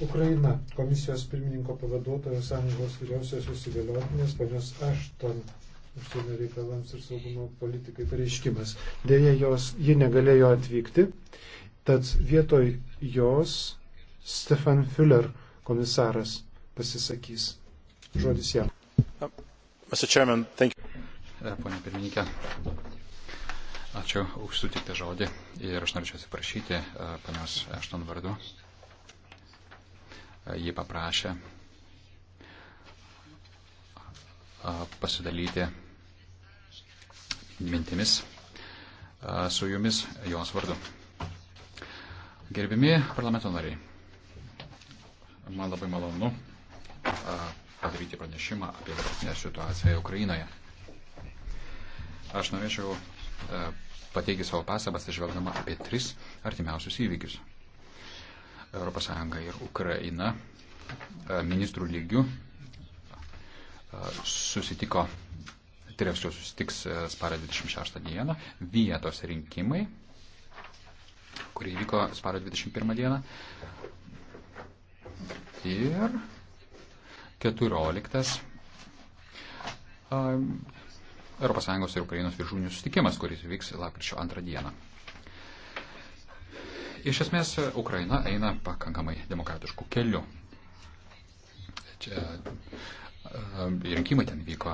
Ukraina komisijos pirmininko pavaduotojos sąjungos vyriausiosios įgaliotinės ponios Ašton užsienio reikalams ir saugumo politikai pareiškimas. Deja, jos, ji negalėjo atvykti, tad vietoj jos Stefan Füller komisaras pasisakys. Žodis jam. E, Pone pirmininkė, ačiū už sutiktą žodį ir aš norėčiau atsiprašyti e, ponios Ašton vardu ji paprašė pasidalyti mintimis su jumis jos vardu. Gerbimi parlamento nariai, man labai malonu padaryti pranešimą apie dabartinę situaciją Ukrainoje. Aš norėčiau pateikti savo pastabas, išvelgdama apie tris artimiausius įvykius. ES ir Ukraina e, ministrų lygių e, susitiko, tai reiškia, susitiks e, spalio 26 dieną, vietos rinkimai, kurie vyko spalio 21 dieną. Ir 14. ES ir Ukrainos viršūnių susitikimas, kuris vyks lapkričio 2 dieną. Iš esmės, Ukraina eina pakankamai demokratiškų kelių. Čia e, rinkimai ten vyko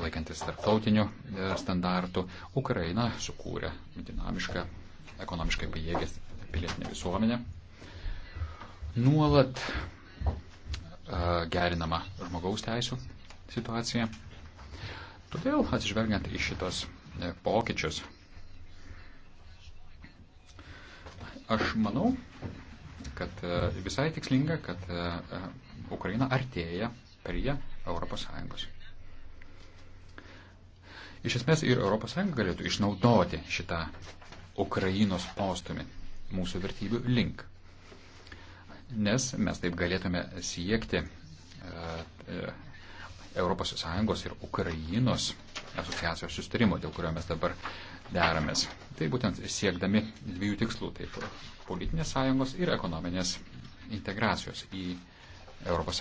laikantis tarptautinių e, standartų. Ukraina sukūrė dinamišką, ekonomiškai pajėgęs pilietinę visuomenę. Nuolat e, gerinama žmogaus teisų situacija. Todėl, atsižvelgiant į šitos pokyčius, Aš manau, kad e, visai tikslinga, kad e, e, Ukraina artėja prie ES. Iš esmės ir ES galėtų išnaudoti šitą Ukrainos postumį mūsų vertybių link. Nes mes taip galėtume siekti ES ir Ukrainos asociacijos sustarimo, dėl kurio mes dabar deramės. Tai būtent siekdami dviejų tikslų - taip politinės sąjungos ir ekonominės integracijos į ES.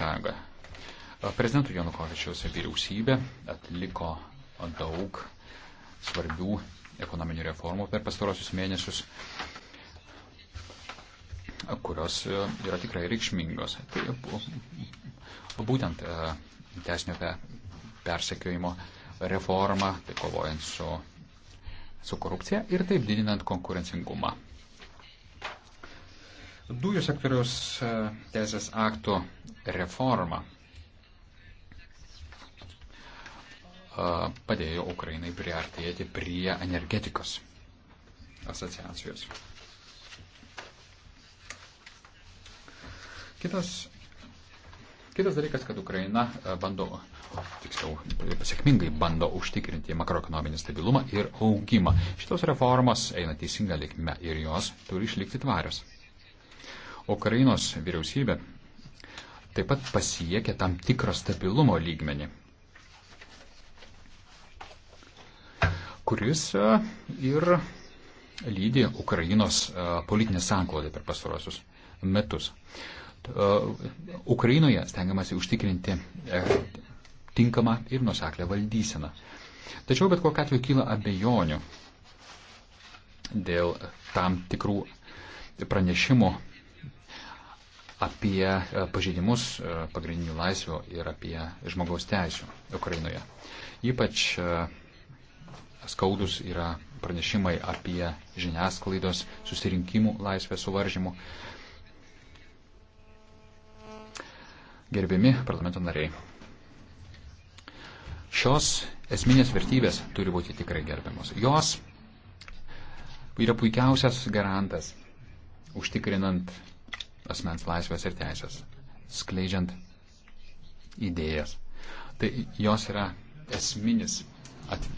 Prezidentų Janukovičiaus vyriausybė atliko daug svarbių ekonominių reformų per pastarosius mėnesius, kurios yra tikrai reikšmingos. Tai būtent e, teisinio persekiojimo reforma, tai kovojant su su korupcija ir taip didinant konkurencingumą. Dujų sektoriaus e, teisės aktų reforma e, padėjo Ukrainai priartėti prie energetikos asociacijos. Kitas Kitas dalykas, kad Ukraina e, bando, tiksliau, e, sėkmingai bando užtikrinti makroekonominį stabilumą ir augimą. Šitos reformos eina teisinga likme ir jos turi išlikti tvarios. Ukrainos vyriausybė taip pat pasiekė tam tikrą stabilumo lygmenį, kuris e, ir lydi Ukrainos politinę sanklodę per pastarosius metus. Uh, Ukrainoje stengiamasi užtikrinti uh, tinkamą ir nuseklę valdyseną. Tačiau bet kokiu atveju kyla abejonių dėl tam tikrų pranešimų apie uh, pažeidimus pagrindinių laisvių ir apie žmogaus teisų Ukrainoje. Ypač skaudus yra pranešimai apie žiniasklaidos susirinkimų laisvės suvaržymų. Uh, gerbiami parlamento nariai. Šios esminės vertybės turi būti tikrai gerbiamos. Jos yra puikiausias garantas užtikrinant asmens laisvės ir teisės, skleidžiant idėjas. Tai jos yra esminis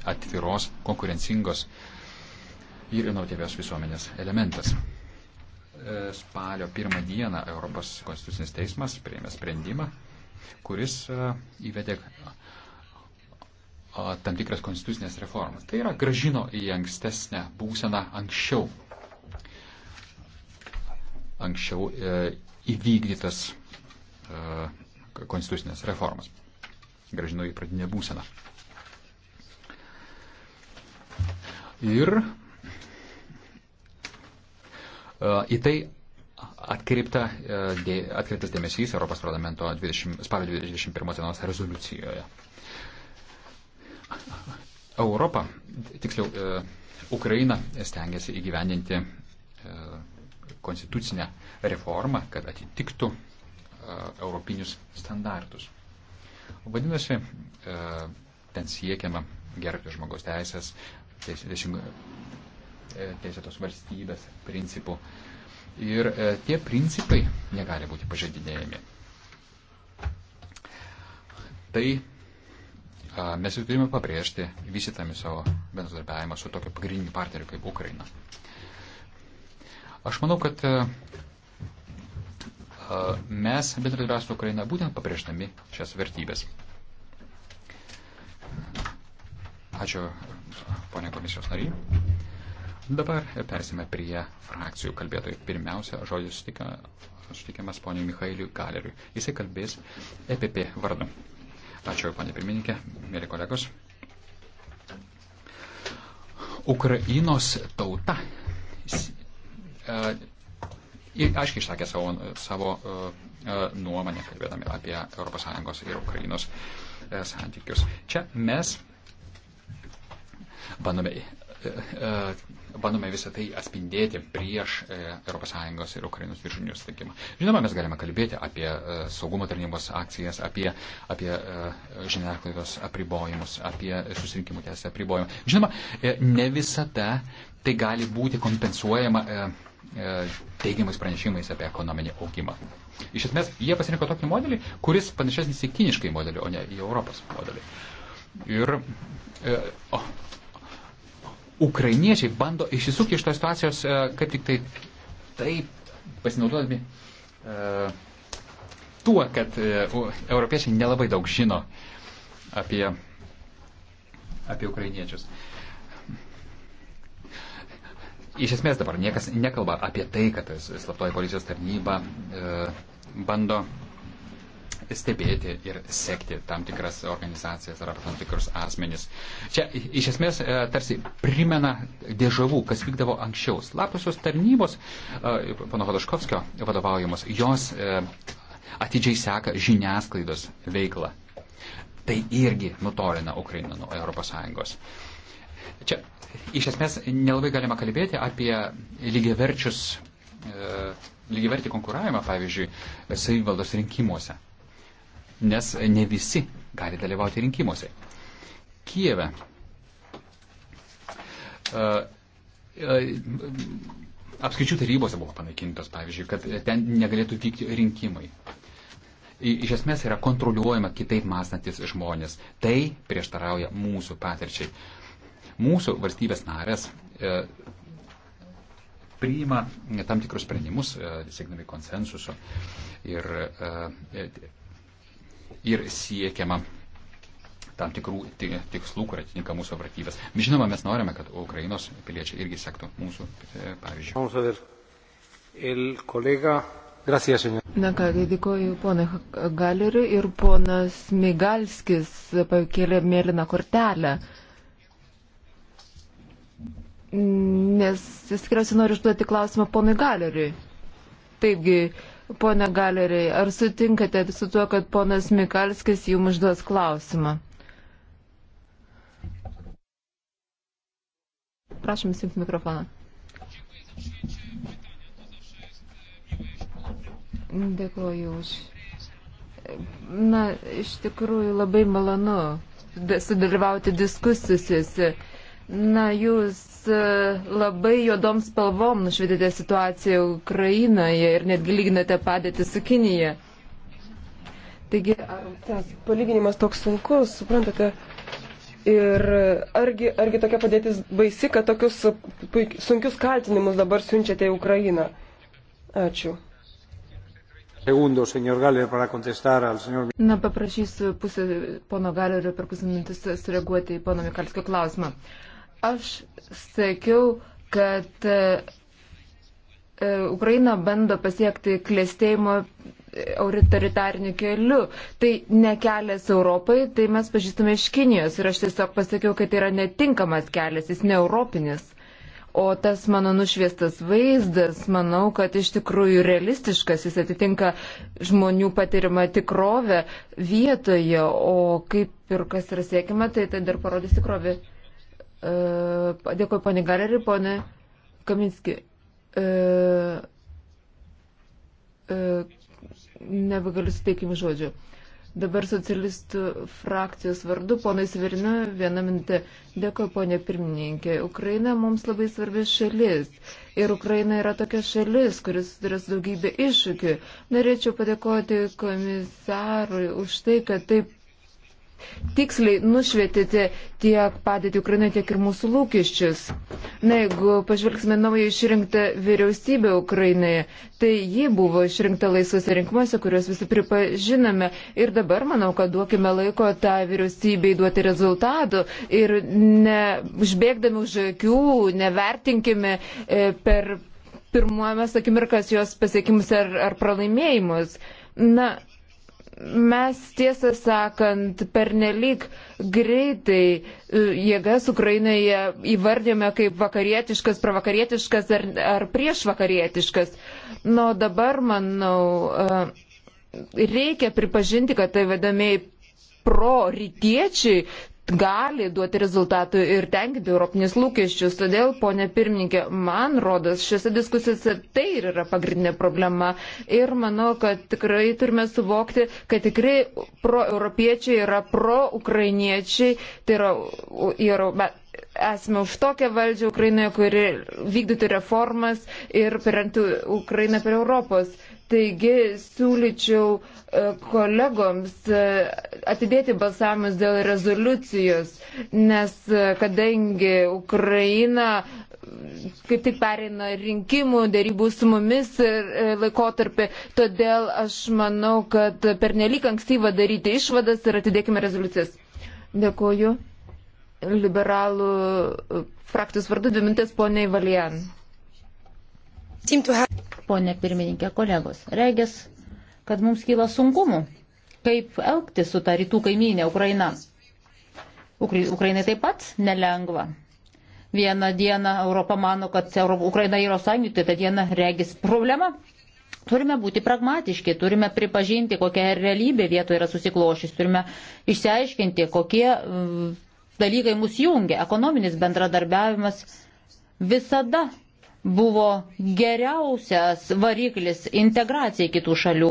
atviros, konkurencingos ir inovatyvios visuomenės elementas. E, spalio pirmą dieną Europos konstitucinis teismas prieėmė sprendimą, kuris e, įvedė e, tam tikras konstitucinės reformas. Tai yra gražino į ankstesnę būseną anksčiau. Anksčiau įvykdytas konstitucinės reformas. Gražino į pradinę būseną. Ir E, į tai atkreipta, e, atkreiptas dėmesys Europos parlamento 20, spalio 21 dienos rezoliucijoje. Europa, tiksliau, e, Ukraina stengiasi įgyvendinti konstitucinę reformą, kad atitiktų europinius standartus. Vadinasi, ten siekiama gerbti žmogaus teisės, teisingumo E, teisėtos valstybės principų. Ir e, tie principai negali būti pažeidinėjami. Tai mes jau turime pabrėžti visitami savo bendradarbiavimą su tokiu pagrindiniu partneriu kaip Ukraina. Aš manau, kad e, mes bendradarbiavame su Ukraina būtent pabrėždami šias vertybės. Ačiū, ponia komisijos nariai. Dabar persime prie frakcijų kalbėtojų. Pirmiausia, žodis sutikiamas poniai Mikhailiui Galeriui. Jisai kalbės EPP vardu. Ačiū, panė pirmininkė, mėly kolegos. Ukrainos tauta ir e, aiškiai išsakė savo, savo e, nuomonę, kalbėdami apie ES ir Ukrainos e, santykius. Čia mes bandome E, bandome visą tai atspindėti prieš ES ir Ukrainos viršūnių sutikimą. Žinoma, mes galime kalbėti apie e, saugumo tarnybos akcijas, apie, apie e, žiniasklaidos apribojimus, apie susirinkimų teisę apribojimą. Žinoma, ne visada tai gali būti kompensuojama teigiamais pranešimais apie ekonominį augimą. Iš esmės, jie pasirinko tokį modelį, kuris panašesnis į kiniškai modelį, o ne į Europos modelį. Ir, o, ukrainiečiai bando išsisukti iš tos situacijos, e, kaip tik tai taip pasinaudodami e, tuo, kad e, europiečiai nelabai daug žino apie, apie ukrainiečius. Iš esmės dabar niekas nekalba apie tai, kad slaptoji policijos tarnyba e, bando stebėti ir sekti tam tikras organizacijas ar tam tikrus asmenis. Čia iš esmės e, tarsi primena dėžavų, kas vykdavo anksčiau. Slaptosios tarnybos, e, pano Hodaškovskio vadovaujamos, jos e, atidžiai seka žiniasklaidos veiklą. Tai irgi nutolina Ukrainą nuo ES. Čia iš esmės nelabai galima kalbėti apie lygiaverčius lygiavertį konkuravimą, pavyzdžiui, savivaldos rinkimuose nes ne visi gali dalyvauti rinkimuose. Kijeve. Apskaičių tarybose buvo panaikintos, pavyzdžiui, kad ten negalėtų vykti rinkimai. Iš esmės yra kontroliuojama kitaip mąstantis žmonės. Tai prieštarauja mūsų patirčiai. Mūsų valstybės narės e, priima tam tikrus sprendimus, e, siekdami konsensuso. Ir e, ir siekiama tam tikrų tikslų, kurie atitinka mūsų vertybės. Žinoma, mes norime, kad Ukrainos piliečiai irgi sektų mūsų e, pavyzdžių. Na kągi, dėkoju ponai Galeriui ir ponas Migalskis pakėlė mėlyną kortelę. Nes jis tikriausiai nori užduoti klausimą ponui Galeriui. Taigi, Pone Galeriai, ar sutinkate su tuo, kad ponas Mikalskis jums užduos klausimą? Prašom, įsijungti mikrofoną. Dėkuoju už. Na, iš tikrųjų labai malonu sudalyvauti diskusijose Na, jūs e, labai juodom spalvom nušvietėte situaciją Ukrainoje ir netgi lyginate padėtį su Kinija. Taigi, ar tas palyginimas toks sunkus, suprantate? Ir argi, argi tokia padėtis baisi, kad tokius puik, sunkius kaltinimus dabar siunčiate į Ukrainą? Ačiū. Segundo, señor Galer, para contestar al señor... Na, paprašysiu pusę, pono Galerio per pusę mintis sureaguoti į pono Mikalskio klausimą. Uh, Aš sakiau, kad e, e, Ukraina bando pasiekti klėstėjimo autoritariniu keliu. Tai ne kelias Europai, tai mes pažįstame iš Kinijos. Ir aš tiesiog pasakiau, kad tai yra netinkamas kelias, jis ne europinis. O tas mano nušviestas vaizdas, manau, kad iš tikrųjų realistiškas, jis atitinka žmonių patirimą tikrovę vietoje, o kaip ir kas yra siekima, tai tai dar parodys tikrovė. Dėkuoju, ponė Galerį, ponė Kaminski. E, e, nebegaliu suteikimų žodžių. Dabar socialistų frakcijos vardu, ponai Sverina, vieną minutę. Dėkoju, ponė pirmininkė. Ukraina mums labai svarbi šalis. Ir Ukraina yra tokia šalis, kuris turi daugybę iššūkių. Norėčiau padėkoti komisarui už tai, kad taip tiksliai nušvietėte tiek padėti Ukrainoje, tiek ir mūsų lūkesčius. Na, jeigu pažvelgsime naują išrinktą vyriausybę Ukrainoje, tai ji buvo išrinkta laisvose rinkimuose, kuriuos visi pripažiname. Ir dabar manau, kad duokime laiko tą tai vyriausybei duoti rezultatų ir neužbėgdami už akių, nevertinkime e, per pirmuojamas akimirkas jos pasiekimus ar, ar pralaimėjimus. Na, mes tiesą sakant pernelyg greitai e, jėgas Ukrainoje įvardėme kaip vakarietiškas, pravakarietiškas ar, ar priešvakarietiškas. Nu, dabar, manau, e, reikia pripažinti, kad tai vadamieji prorytiečiai gali duoti rezultatų ir tenkinti europinius lūkesčius. Todėl, ponė pirmininkė, man rodas, šiose diskusijose tai ir yra pagrindinė problema. Ir manau, kad tikrai turime suvokti, kad tikrai proeuropiečiai yra proukrainiečiai. Tai yra, yra, esame už tokią valdžią Ukrainoje, kuri vykdytų reformas ir perentų Ukrainą prie Europos. Taigi siūlyčiau e, kolegoms e, atidėti balsavimus dėl rezoliucijos, nes e, kadangi Ukraina kaip tik pereina rinkimų, dėrybų su mumis laikotarpį, todėl aš manau, kad per nelik ankstyva daryti išvadas ir atidėkime rezoliucijas. Dėkuoju. Liberalų frakcijos vardu dvi mintės poniai Valian ponė pirmininkė, kolegos. Regis, kad mums kyla sunkumų, kaip elgti su ta rytų kaimynė Ukraina. Ukrainai taip pat nelengva. Vieną dieną Europa mano, kad Ukraina yra sąjungi, tai tą dieną regis problema. Turime būti pragmatiški, turime pripažinti, kokia realybė vietoje yra susiklošys, turime išsiaiškinti, kokie mm, dalykai mus jungia. Ekonominis bendradarbiavimas visada buvo geriausias variklis integracijai kitų šalių.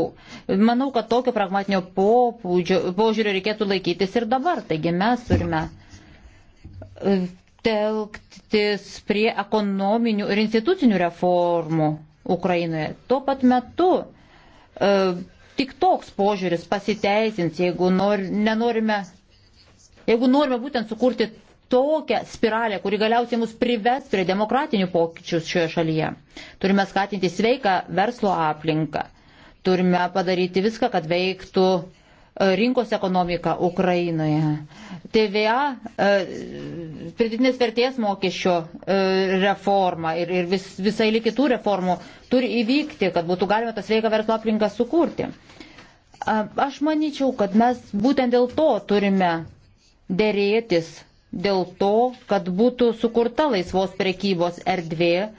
Manau, kad tokio pragmatinio požiūrio reikėtų laikytis ir dabar. Taigi mes turime e, telktis prie ekonominių ir institucinių reformų Ukrainoje. Tuo pat metu e, tik toks požiūris pasiteisins, jeigu nor, nenorime Jeigu norime būtent sukurti tokią spiralę, kuri galiausiai mus prives prie demokratinių pokyčių šioje šalyje. Turime skatinti sveiką verslo aplinką. Turime padaryti viską, kad veiktų e, rinkos ekonomika Ukrainoje. TVA e, pridėtinės vertės mokesčio e, reforma ir, ir vis, visai likitų reformų turi įvykti, kad būtų galima tą sveiką verslo aplinką sukurti. Aš manyčiau, kad mes būtent dėl to turime dėrėtis dėl to, kad būtų sukurta laisvos prekybos erdvė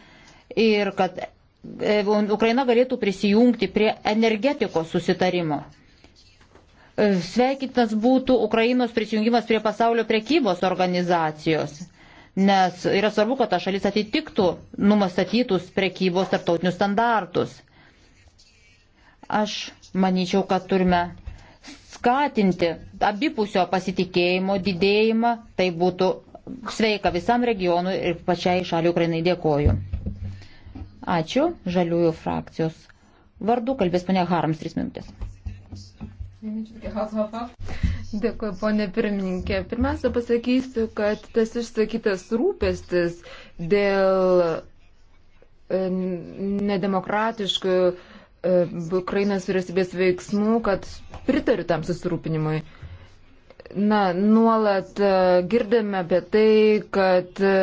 ir kad e, Ukraina galėtų prisijungti prie energetikos susitarimo. E, Sveikintas būtų Ukrainos prisijungimas prie pasaulio prekybos organizacijos, nes yra svarbu, kad ta šalis atitiktų numastatytus prekybos tarptautinius standartus. Aš manyčiau, kad turime skatinti abipusio pasitikėjimo didėjimą, tai būtų sveika visam regionui ir pačiai šaliai Ukrainai dėkoju. Ačiū, žaliųjų frakcijos. Vardu kalbės ponia Harams, tris minutės. Dėkuoju, ponė pirmininkė. Pirmiausia, pasakysiu, kad tas išsakytas rūpestis dėl e, nedemokratiškų E, Ukrainos vyriausybės veiksmų, kad pritariu tam susirūpinimui. Na, nuolat e, girdime apie tai, kad e,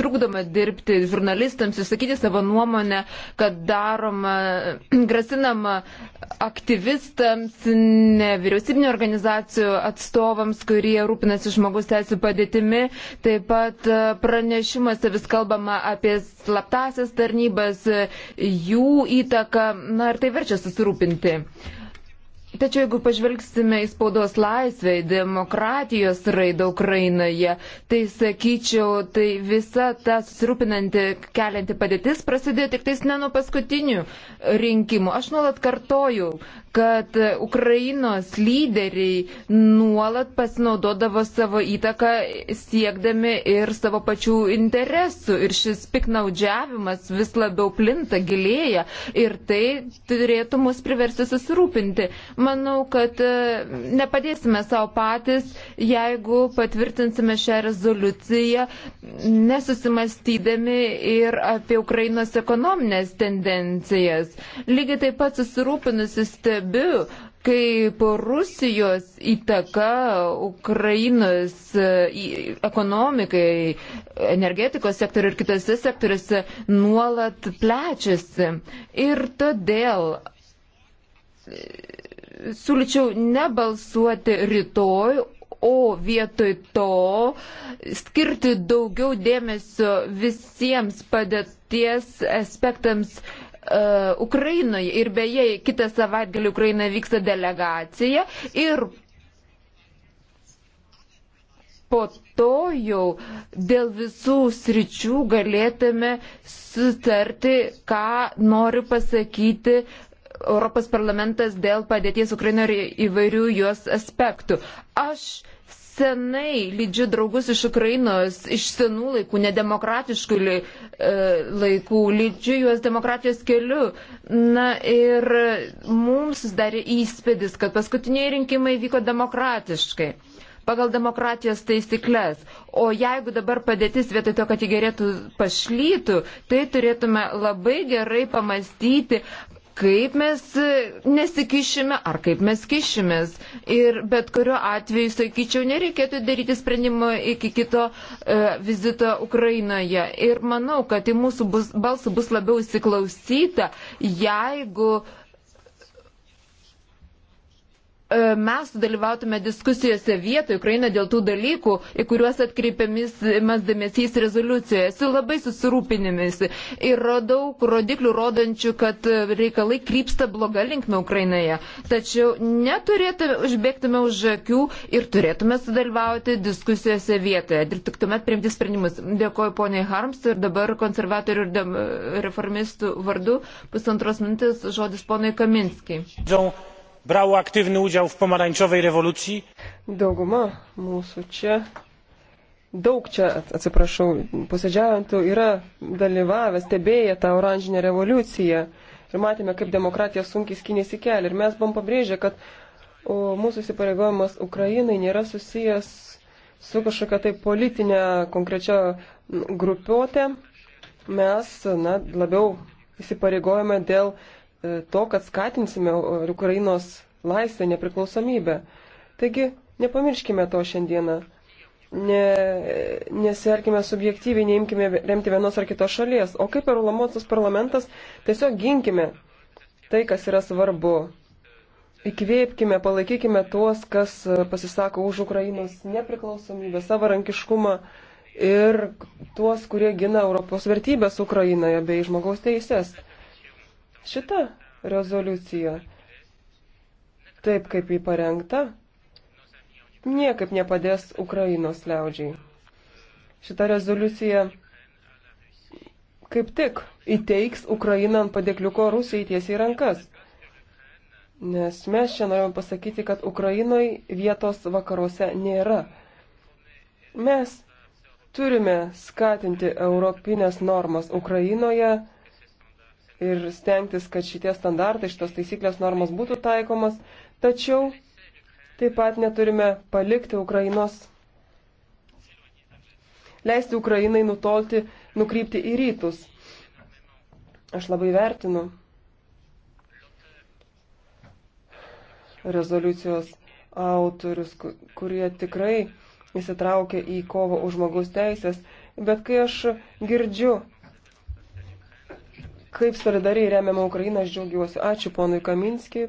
trukdoma dirbti žurnalistams, išsakyti savo nuomonę, kad daroma, grasinama aktyvistams, nevyriausybinio organizacijų atstovams, kurie rūpinasi žmogus teisų padėtimi. Taip pat e, pranešimuose vis kalbama apie slaptasias tarnybas, e, jų įtaką, na ir tai verčia susirūpinti. Tačiau jeigu pažvelgsime į spaudos laisvę, į demokratijos raidą Ukrainoje, tai sakyčiau, tai visa ta susirūpinanti, kelianti padėtis prasidėjo tik tais ne nuo paskutinių rinkimų. Aš nuolat kartoju, kad Ukrainos lyderiai nuolat pasinaudodavo savo įtaką siekdami ir savo pačių interesų. Ir šis piknaudžiavimas vis labiau plinta, gilėja ir tai turėtų mus priversti susirūpinti. Manau, kad e, nepadėsime savo patys, jeigu patvirtinsime šią rezoliuciją, nesusimastydami ir apie Ukrainos ekonominės tendencijas. Lygiai taip pat susirūpinusi stebiu, kaip Rusijos įtaka Ukrainos e, ekonomikai, energetikos sektoriu ir kitose sektoriuose nuolat plečiasi. Ir todėl siūlyčiau nebalsuoti rytoj, o vietoj to skirti daugiau dėmesio visiems padėties aspektams. Uh, Ukrainoje ir beje, kitą savaitgalį Ukraina vyksta delegacija ir po to jau dėl visų sričių galėtume sutarti, ką nori pasakyti uh, Europos parlamentas dėl padėties Ukrainoje ir įvairių jos aspektų. Aš senai lydžiu draugus iš Ukrainos, iš senų laikų, nedemokratiškų e, laikų, lydžiu juos demokratijos keliu. Na ir mums susidarė įspūdis, kad paskutiniai rinkimai vyko demokratiškai pagal demokratijos taisyklės. O jeigu dabar padėtis vietoj to, kad jį gerėtų pašlytų, tai turėtume labai gerai pamastyti, kaip mes nesikišime ar kaip mes kišimės. Ir bet kuriuo atveju, sakyčiau, nereikėtų daryti sprendimo iki kito e, vizito Ukrainoje. Ir manau, kad į mūsų bus, balsą bus labiau įsiklausyta, jeigu e, E, mes sudalyvautume diskusijose vietoje Ukraina dėl tų dalykų, į kuriuos atkreipiamas dėmesys rezoliucijoje. Esu labai susirūpinimis ir radau rodiklių rodančių, kad reikalai krypsta bloga linkme Ukrainoje. Tačiau neturėtume užbėgtume už akių ir turėtume sudalyvauti diskusijose vietoje. Ir tik tuomet priimti sprendimus. Dėkoju poniai Harms ir dabar konservatorių ir reformistų vardu pusantros mintis žodis ponai Kaminskiai. John brało aktywny udział w pomarańczowej rewolucji dauguma mūsų čia daug čia atsiprašau posėdžiaujantų yra dalyvavę stebėję tą oranžinę revoliuciją ir matėme kaip demokratija sunkiai skynėsi kelią ir mes buvom pabrėžę kad o, mūsų įsipareigojimas Ukrainai nėra susijęs su kažkokia tai politinė konkrečia grupiuotė mes na, labiau įsipareigojame dėl uh, E, to, kad skatinsime e, Ukrainos laisvę, nepriklausomybę. Taigi, nepamirškime to šiandieną. Ne, nesielkime subjektyviai, neimkime remti vienos ar kitos šalies, o kaip Eurolamotsos parlamentas, tiesiog ginkime tai, kas yra svarbu. Įkvėpkime, palaikykime tuos, kas pasisako už Ukrainos nepriklausomybę, savarankiškumą ir tuos, kurie gina Europos vertybės Ukrainoje bei žmogaus teises šita rezoliucija, taip kaip jį parengta, niekaip nepadės Ukrainos liaudžiai. Šita rezoliucija kaip tik įteiks Ukrainą ant padėkliuko Rusijai tiesiai rankas. Nes mes čia norime pasakyti, kad Ukrainoje vietos vakaruose nėra. Mes turime skatinti europinės normas Ukrainoje ir stengtis, kad šitie standartai, šitos taisyklės normos būtų taikomas, tačiau taip pat neturime palikti Ukrainos, leisti Ukrainai nutolti, nukrypti į rytus. Aš labai vertinu rezoliucijos autorius, kurie tikrai įsitraukia į kovą už žmogus teisės, bet kai aš girdžiu kaip solidariai remiama Ukraina, aš džiaugiuosi. Ačiū ponui Kaminski.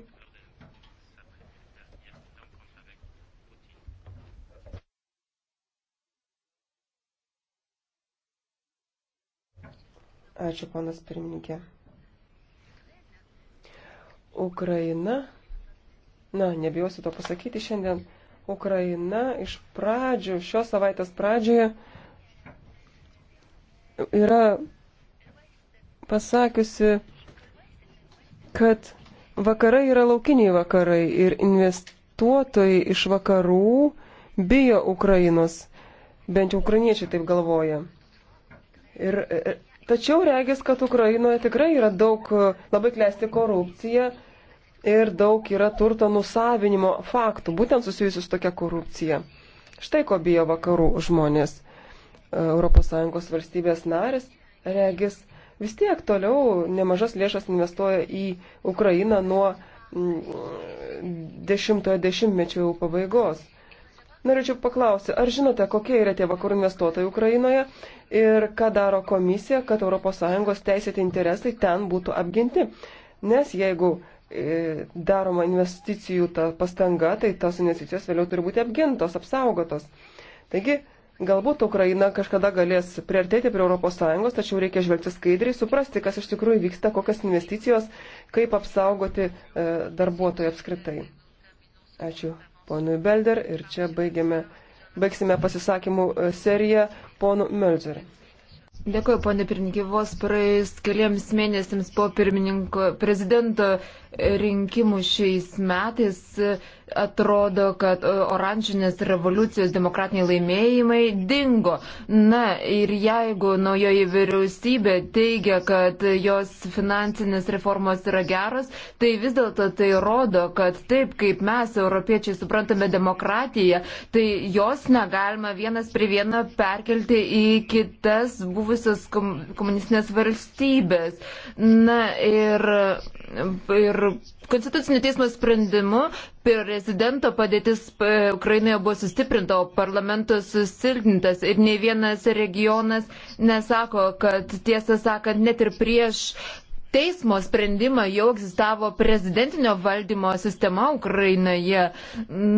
Ačiū ponas pirmininkė. Ukraina, na, nebijosiu to pasakyti šiandien, Ukraina iš pradžių, šios savaitės pradžioje yra pasakiusi, kad vakarai yra laukiniai vakarai ir investuotojai iš vakarų bijo Ukrainos, bent jau ukrainiečiai taip galvoja. Ir, e, tačiau regis, kad Ukrainoje tikrai yra daug e, labai klesti korupcija ir daug yra turto nusavinimo faktų, būtent susijusius su tokia korupcija. Štai ko bijo vakarų žmonės. ES valstybės narės regis vis tiek toliau nemažas lėšas investuoja į Ukrainą nuo mm, dešimtojo dešimtmečio pabaigos. Norėčiau paklausti, ar žinote, kokie yra tie vakarų investuotojai Ukrainoje ir ką daro komisija, kad ES teisėti interesai ten būtų apginti? Nes jeigu e, daroma investicijų ta pastanga, tai tos investicijos vėliau turi būti apgintos, apsaugotos. Taigi, Galbūt Ukraina kažkada galės priartėti prie ES, tačiau reikia žvelgti skaidriai, suprasti, kas iš tikrųjų vyksta, kokias investicijos, kaip apsaugoti e, darbuotojų apskritai. Ačiū ponui Belder ir čia baigiame, baigsime pasisakymų e, seriją ponu Melzer. Dėkuoju, ponė pirmininkė, vos praėjus keliams mėnesiams po pirmininko prezidento rinkimų šiais metais atrodo, kad e, oranžinės revoliucijos demokratiniai laimėjimai dingo. Na ir jeigu naujoji vyriausybė teigia, kad jos finansinės reformos yra geros, tai vis dėlto tai rodo, kad taip kaip mes, europiečiai, suprantame demokratiją, tai jos negalima vienas prie vieno perkelti į kitas buvusias komunistinės valstybės. Na ir, ir Konstitucinio teismo sprendimu prezidento padėtis e, Ukrainoje buvo sustiprinta, o parlamentas susilpnintas ir ne vienas regionas nesako, kad tiesą sakant, net ir prieš teismo sprendimą jau egzistavo prezidentinio valdymo sistema Ukrainoje.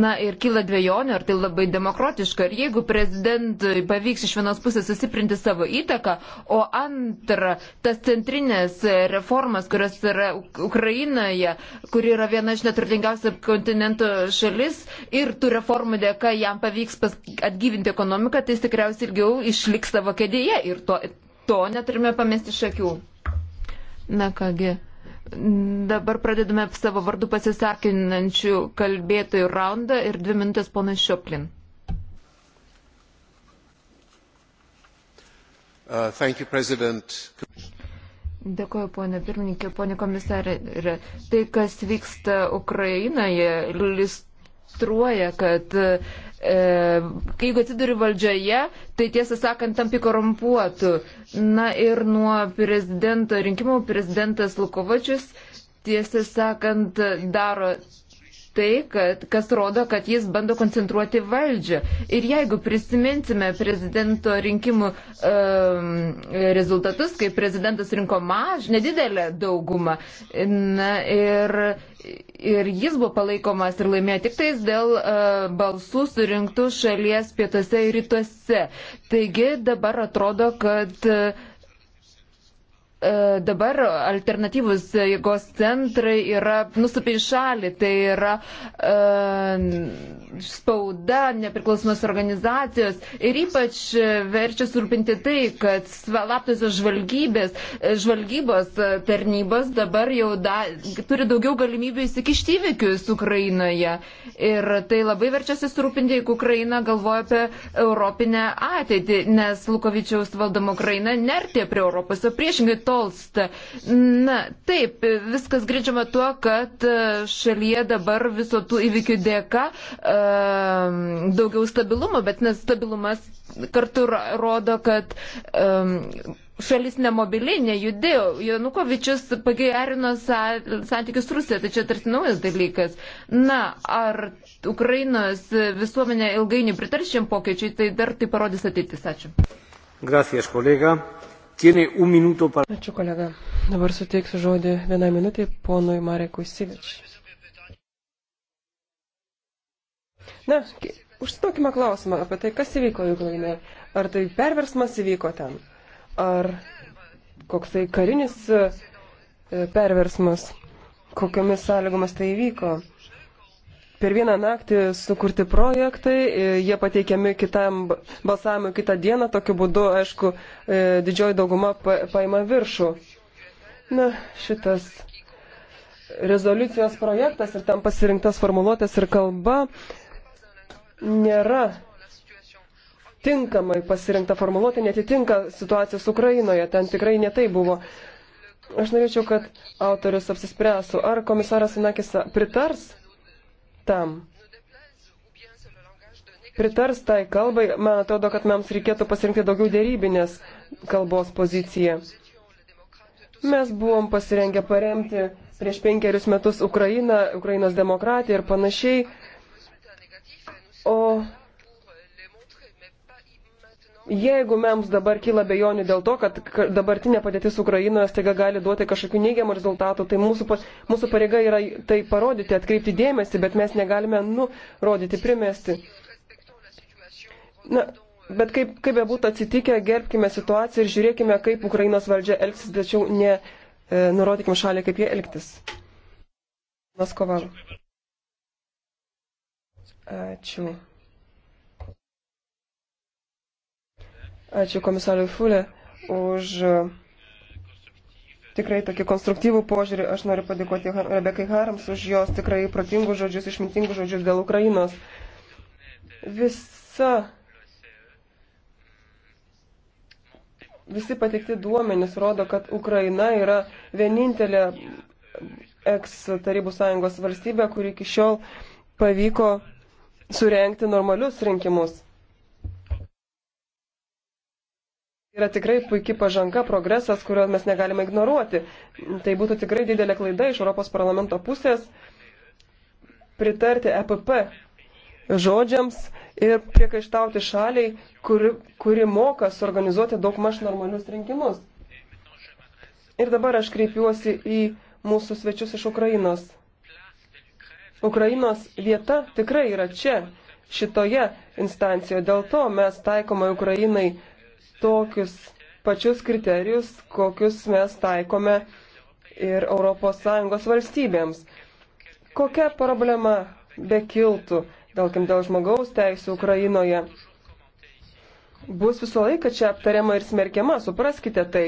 Na ir kyla dviejonė, ar tai labai demokratiška. Ir jeigu prezidentui pavyks iš vienos pusės susiprinti savo įtaką, o antra, tas centrinės reformas, kurios yra Ukrainoje, kuri yra viena iš neturtingiausių kontinentų šalis ir tų reformų dėka jam pavyks atgyvinti ekonomiką, tai jis tikriausiai ilgiau išliks savo kėdėje ir to, to neturime pamesti iš akių. Na kągi, dabar pradedame savo vardu pasisakinančių kalbėtojų raundą ir dvi minutės ponas Šioplin. Uh, thank you, President. Dėkuoju, ponė pirmininkė, ponė komisarė. Tai, kas vyksta Ukrainoje, iliustruoja, kad uh, E, kai jeigu atsiduri valdžioje, tai tiesą sakant, tampi korumpuotų. Na ir nuo prezidento rinkimų prezidentas Lukovačius, tiesą sakant, daro tai, kad, kas rodo, kad jis bando koncentruoti valdžią. Ir jeigu prisiminsime prezidento rinkimų um, rezultatus, kai prezidentas rinko maž, nedidelę daugumą, na, ir, ir jis buvo palaikomas ir laimėjo tik tais dėl uh, balsų surinktų šalies pietuose ir rytuose. Taigi dabar atrodo, kad uh, E, dabar alternatyvus jėgos centrai yra nustupę į šalį, tai yra e, spauda, nepriklausomas organizacijos ir ypač verčia surpinti tai, kad slaptosios žvalgybės, e, žvalgybos tarnybos dabar jau da, turi daugiau galimybių įsikišti įvykius Ukrainoje ir tai labai verčia susirūpinti, jeigu Ukraina galvoja apie europinę ateitį, nes Lukovičiaus valdoma Ukraina nertė prie Europos, o priešingai tolsta. Na, taip, viskas grindžiama tuo, kad e, šalyje dabar viso tų įvykių dėka um, daugiau stabilumo, bet nestabilumas kartu rodo, kad um, šalis nemobili, nejudėjo. Janukovičius pagerino santykius su Rusija, tai čia tarsi naujas dalykas. Na, ar Ukrainos visuomenė ilgainiui pritaršėm pokyčiui, tai dar tai parodys ateitis. Ačiū. Gracias, kolega. Ačiū kolega. Dabar suteiksiu žodį vieną minutę ponui Marekui Sivič. Na, užsidokime klausimą apie tai, kas įvyko Ukrainoje. Ar tai perversmas įvyko ten? Ar koksai karinis e, perversmas? Kokiamis sąlygomis tai įvyko? per vieną naktį sukurti projektai, e, jie pateikiami kitam balsavimui kitą dieną, tokiu būdu, aišku, e, didžioji dauguma paima viršų. Na, šitas rezoliucijos projektas ir tam pasirinktas formuluotės ir kalba nėra tinkamai pasirinkta formuluotė, netitinka situacijos Ukrainoje, ten tikrai netai buvo. Aš norėčiau, kad autorius apsispręstų, ar komisaras Sinakis pritars tam. Pritars tai kalbai, man atrodo, kad mums reikėtų pasirinkti daugiau dėrybinės kalbos poziciją. Mes buvom pasirengę paremti prieš penkerius metus Ukrainą, Ukrainos demokratiją ir panašiai. O Jeigu mums dabar kyla bejonių dėl to, kad dabartinė padėtis Ukrainoje staiga gali duoti kažkokių neigiamų rezultatų, tai mūsų, mūsų pareiga yra tai parodyti, atkreipti dėmesį, bet mes negalime nurodyti, primesti. Na, bet kaip, kaip bebūtų atsitikę, gerbkime situaciją ir žiūrėkime, kaip Ukrainos valdžia elgsis, tačiau ne e, nurodykime šaliai, kaip jie elgtis. Maskova. Ačiū. Ačiū komisarui Fulė už e, tikrai tokį konstruktyvų požiūrį. Aš noriu padėkoti Rebekai Harams už jos tikrai protingus žodžius, išmintingus žodžius dėl Ukrainos. Visa, visi patikti duomenys rodo, kad Ukraina yra vienintelė eks Tarybų sąjungos valstybė, kuri iki šiol pavyko surenkti normalius rinkimus. yra tikrai puikia pažanga, progresas, kurio mes negalime ignoruoti. Tai būtų tikrai didelė klaida iš Europos parlamento pusės pritarti EPP žodžiams ir priekaištauti šaliai, kuri, kuri moka suorganizuoti daugmaž normalius rinkimus. Ir dabar aš kreipiuosi į mūsų svečius iš Ukrainos. Ukrainos vieta tikrai yra čia, šitoje instancijoje. Dėl to mes taikome Ukrainai tokius pačius kriterijus, kokius mes taikome ir ES valstybėms. Kokia problema bekiltų, dalkim dėl žmogaus teisų Ukrainoje, bus visą laiką čia aptariama ir smerkiama, supraskite tai,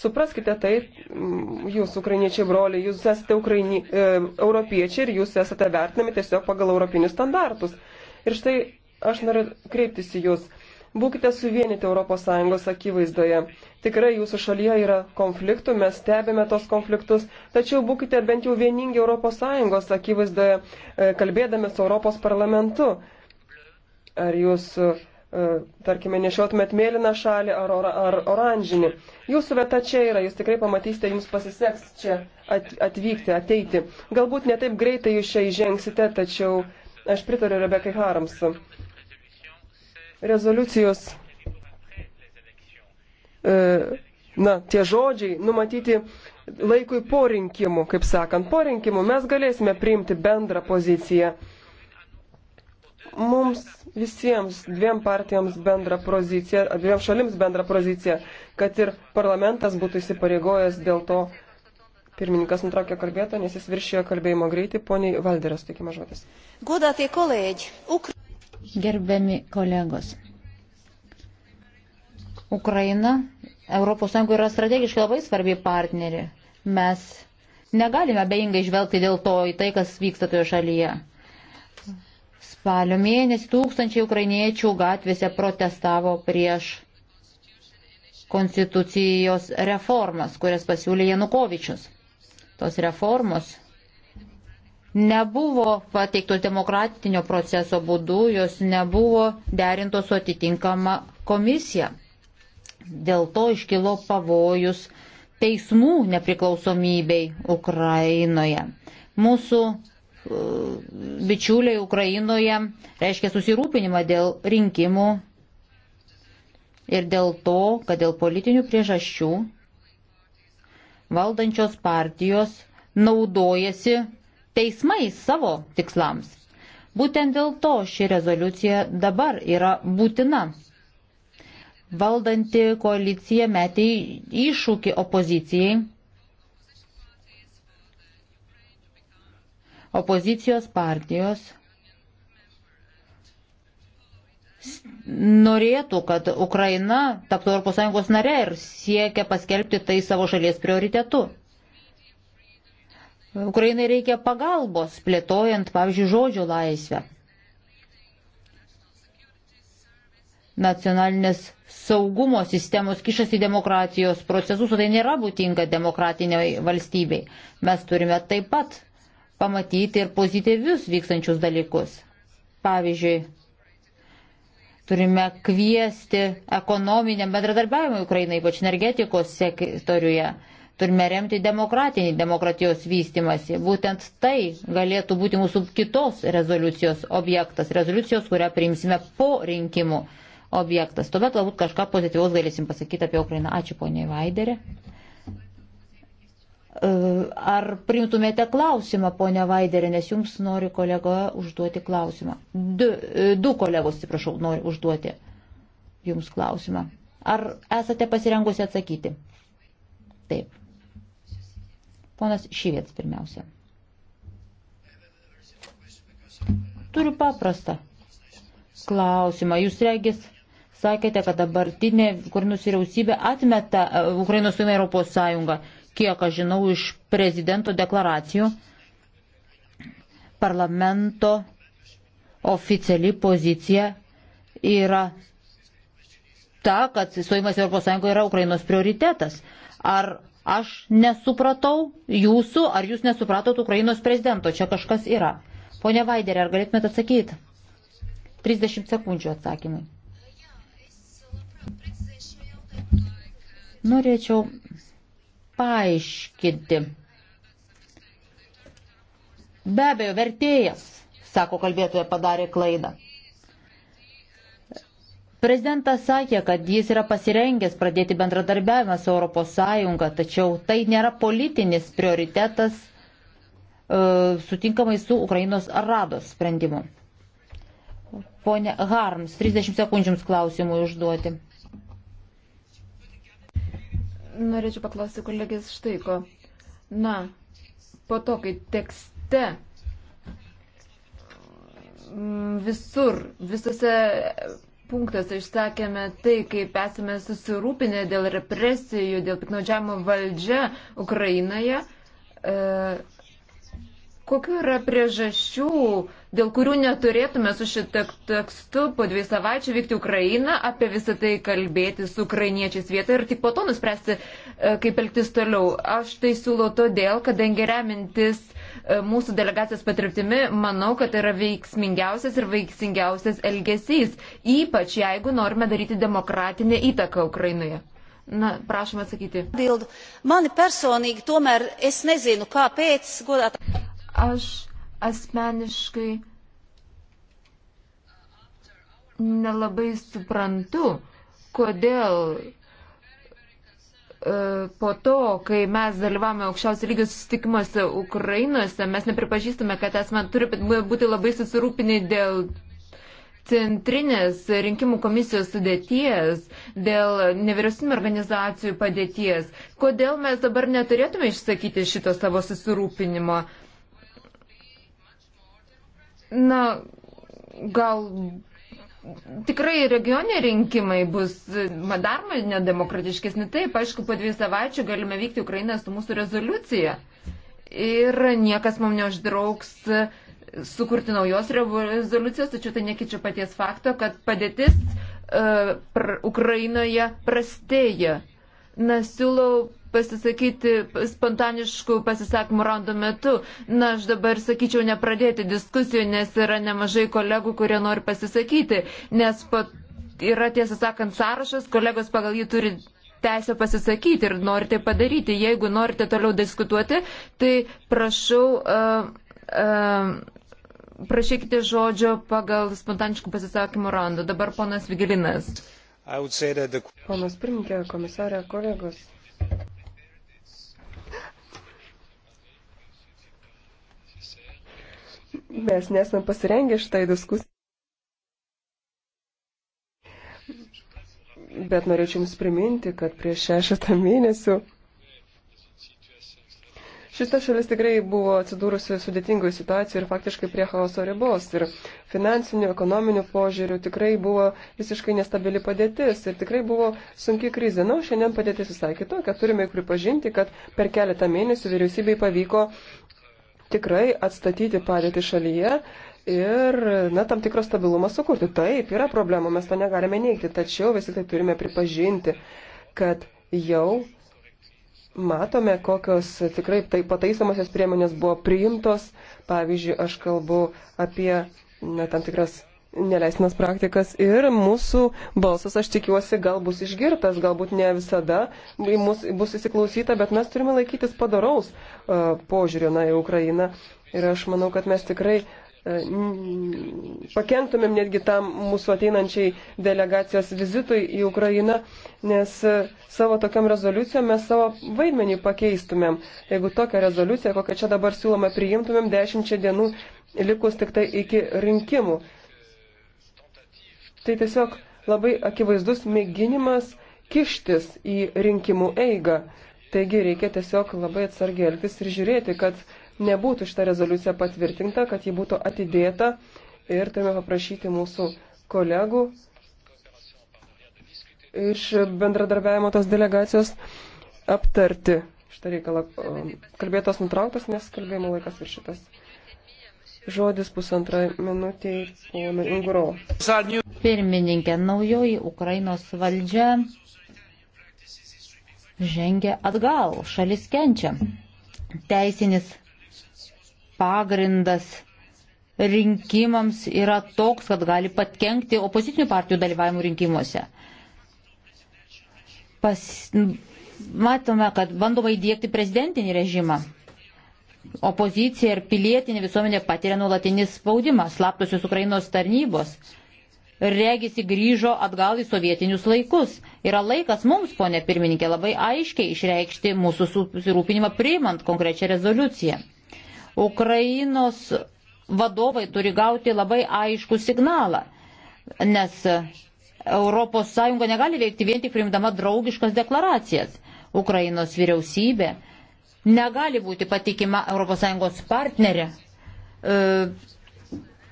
supraskite tai, mm, jūs ukrainiečiai broliai, jūs esate ukraini, e, europiečiai ir jūs esate vertinami tiesiog pagal europinius standartus. Ir štai aš noriu kreiptis į jūs. Būkite suvienyti ES akivaizdoje. Tikrai jūsų šalyje yra konfliktų, mes stebime tos konfliktus, tačiau būkite bent jau vieningi ES akivaizdoje, e, kalbėdami su Europos parlamentu. Ar jūs, e, e, tarkime, nešiotumėt mėlyną šalį ar, or, ar oranžinį. Jūsų vieta čia yra, jūs tikrai pamatysite, jums pasiseks čia at, atvykti, ateiti. Galbūt netaip greitai jūs čia įžengsite, tačiau aš pritariu Rebekai Harams rezoliucijos, e, na, tie žodžiai numatyti laikui po rinkimų, kaip sakant, po rinkimų mes galėsime priimti bendrą poziciją. Mums visiems dviem partijoms bendra pozicija, dviem šalims bendra pozicija, kad ir parlamentas būtų įsipareigojęs dėl to. Pirmininkas nutraukė kalbėtą, nes jis viršėjo kalbėjimo greitį. Poniai Valderas, tikima žodis. Godātie kolēģi, Ukra... Gerbiami kolegos, Ukraina ES yra strategiškai labai svarbi partnerė. Mes negalime beingai žvelgti dėl to į tai, kas vyksta toje šalyje. Spalio mėnesį tūkstančiai ukrainiečių gatvėse protestavo prieš konstitucijos reformas, kurias pasiūlė Janukovičius. Tos reformos nebuvo pateiktos demokratinio proceso būdu, jos nebuvo derintos su atitinkama komisija. Dėl to iškilo pavojus teismų nepriklausomybei Ukrainoje. Mūsų e, bičiuliai Ukrainoje reiškia susirūpinimą dėl rinkimų ir dėl to, kad dėl politinių priežasčių valdančios partijos naudojasi teismai savo tikslams. Būtent dėl to ši rezoliucija dabar yra būtina. Valdanti koalicija metė iššūkį opozicijai. Opozicijos partijos norėtų, kad Ukraina taptų ES nare ir siekia paskelbti tai savo šalies prioritetu. Ukrainai reikia pagalbos, plėtojant, pavyzdžiui, žodžio laisvę. Nacionalinės saugumo sistemos kišas į demokratijos procesus, o tai nėra būtinga demokratiniai valstybei. Mes turime taip pat pamatyti ir pozityvius vykstančius dalykus. Pavyzdžiui, turime kviesti ekonominiam bendradarbiavimui Ukrainai, ypač energetikos sektoriuje Turime remti demokratinį demokratijos vystimasi. Būtent tai galėtų būti mūsų kitos rezoliucijos objektas, rezoliucijos, kurią priimsime po rinkimų objektas. Tuomet galbūt kažką pozityvaus galėsim pasakyti apie Ukrainą. Ačiū poniai Vaiderė. E, ar priimtumėte klausimą, ponia Vaiderė, nes jums nori kolega užduoti klausimą. Du, e, du kolegos, atsiprašau, nori užduoti jums klausimą. Ar esate pasirengusi atsakyti? Taip. Ponas Šyvėts pirmiausia. Turiu paprastą klausimą. Jūs regis sakėte, kad dabartinė Ukrainos vyriausybė atmeta e, Ukrainos stumą Europos Sąjungą. Kiek aš žinau iš prezidento deklaracijų, parlamento oficiali pozicija yra ta, kad stojimas Europos Sąjungoje yra Ukrainos prioritetas. Ar Aš nesupratau jūsų, ar jūs nesupratot Ukrainos prezidento, čia kažkas yra. Pone Vaiderė, ar galėtumėte atsakyti? 30 sekundžių atsakymui. Norėčiau paaiškinti. Be abejo, vertėjas, sako kalbėtoja, padarė klaidą. Prezidentas sakė, kad jis yra pasirengęs pradėti bendradarbiavimą su ES, tačiau tai nėra politinis prioritetas e, sutinkamai su Ukrainos rados sprendimu. Pone Harms, 30 sekundžiams klausimui užduoti. Norėčiau paklausti kolegės štai ko. Na, po to, kai tekste visur, visose punktas išsakėme tai, kaip esame susirūpinę dėl represijų, dėl piknaudžiamo valdžia Ukrainoje. E, kokiu yra priežasčių, dėl kurių neturėtume su šitą tekstu po dviejų savaičių vykti Ukrainą, apie visą tai kalbėti su ukrainiečiais vietoje ir tik po to nuspręsti, e, kaip elgtis toliau. Aš tai siūlau todėl, kadangi remintis E, mūsų delegacijos patirtimi, manau, kad yra veiksmingiausias ir veiksmingiausias elgesys, ypač jeigu norime daryti demokratinę įtaką Ukrainoje. Na, prašom atsakyti. Mani personīgi, tomēr es nezinu, kāpēc, godāt. Aš asmeniškai nelabai suprantu, kodėl E, po to, kai mes dalyvavome aukščiausio lygio susitikimuose Ukrainose, mes nepripažįstame, kad esame turi būti labai susirūpinę dėl centrinės rinkimų komisijos sudėties, dėl nevyriausybinio organizacijų padėties. Kodėl mes dabar neturėtume išsakyti šito savo susirūpinimo? Na, gal tikrai regioniai rinkimai bus dar nedemokratiškesni. Taip, aišku, po dviejų savaičių galime vykti Ukrainą su mūsų rezoliucija. Ir niekas mums neuždrauks sukurti naujos rezoliucijos, tačiau tai nekeičia paties fakto, kad padėtis uh, pr Ukrainoje prastėja. Na, siūlau pasisakyti spontaniškų pasisakymų raundo metu. Na, aš dabar sakyčiau nepradėti diskusijų, nes yra nemažai kolegų, kurie nori pasisakyti, nes pat yra tiesą sakant sąrašas, kolegos pagal jį turi teisę pasisakyti ir norite padaryti. Jeigu norite toliau diskutuoti, tai prašau. Uh, uh, Prašykite žodžio pagal spontaniškų pasisakymų randą. Dabar ponas Vigilinas. The... Ponas pirmininkė, komisarė, kolegos. Mes nesame pasirengę šitai diskusijai. Bet norėčiau Jums priminti, kad prieš šešetą mėnesių šita šalis tikrai buvo atsidūrusi sudėtingoje situacijoje ir faktiškai prie chaoso ribos. Ir finansinių, ekonominių požiūrių tikrai buvo visiškai nestabili padėtis ir tikrai buvo sunki krizė. Na, šiandien padėtis visai kitokia. Turime pripažinti, kad per keletą mėnesių vyriausybei pavyko tikrai atstatyti padėtį šalyje ir, na, tam tikrą stabilumą sukurti. Taip, yra problemų, mes to negalime neigti, tačiau visi tai turime pripažinti, kad jau matome, kokios tikrai tai pataisomosios priemonės buvo priimtos. Pavyzdžiui, aš kalbu apie na, tam tikras neleisinas praktikas ir mūsų balsas, aš tikiuosi, gal bus išgirtas, galbūt ne visada mus, bus įsiklausyta, bet mes turime laikytis padaraus uh, požiūrio na, į Ukrainą. Ir aš manau, kad mes tikrai e, pakentumėm netgi tam mūsų ateinančiai delegacijos vizitui į Ukrainą, nes e, savo tokiam rezoliucijom mes savo vaidmenį pakeistumėm. Jeigu tokią rezoliuciją, kokią čia dabar siūloma, priimtumėm dešimčia dienų likus tik tai iki rinkimų. Tai tiesiog labai akivaizdus mėginimas kištis į rinkimų eigą. Taigi reikia tiesiog labai atsargiai elgtis ir žiūrėti, kad nebūtų šitą rezoliuciją patvirtinta, kad ji būtų atidėta ir turime paprašyti mūsų kolegų iš bendradarbiavimo tos delegacijos aptarti šitą reikalą. Kalbėtos nutrauktas, nes kalbėjimo laikas viršytas. Žodis pusantrą minutį ponui Inguro pirmininkė. Naujoji Ukrainos valdžia žengia atgal, šalis kenčia. Teisinis pagrindas rinkimams yra toks, kad gali patkenkti opozicinių partijų dalyvavimų rinkimuose. Pas, matome, kad bandoma įdėkti prezidentinį režimą. Opozicija ir pilietinė visuomenė patiria nuolatinį spaudimą, slaptosios Ukrainos tarnybos regisi grįžo atgal į sovietinius laikus. Yra laikas mums, ponė pirmininkė, labai aiškiai išreikšti mūsų susirūpinimą priimant konkrečią rezoliuciją. Ukrainos vadovai turi gauti labai aišku signalą, nes ES negali veikti vien tik priimdama draugiškas deklaracijas. Ukrainos vyriausybė negali būti patikima ES partnerė. E,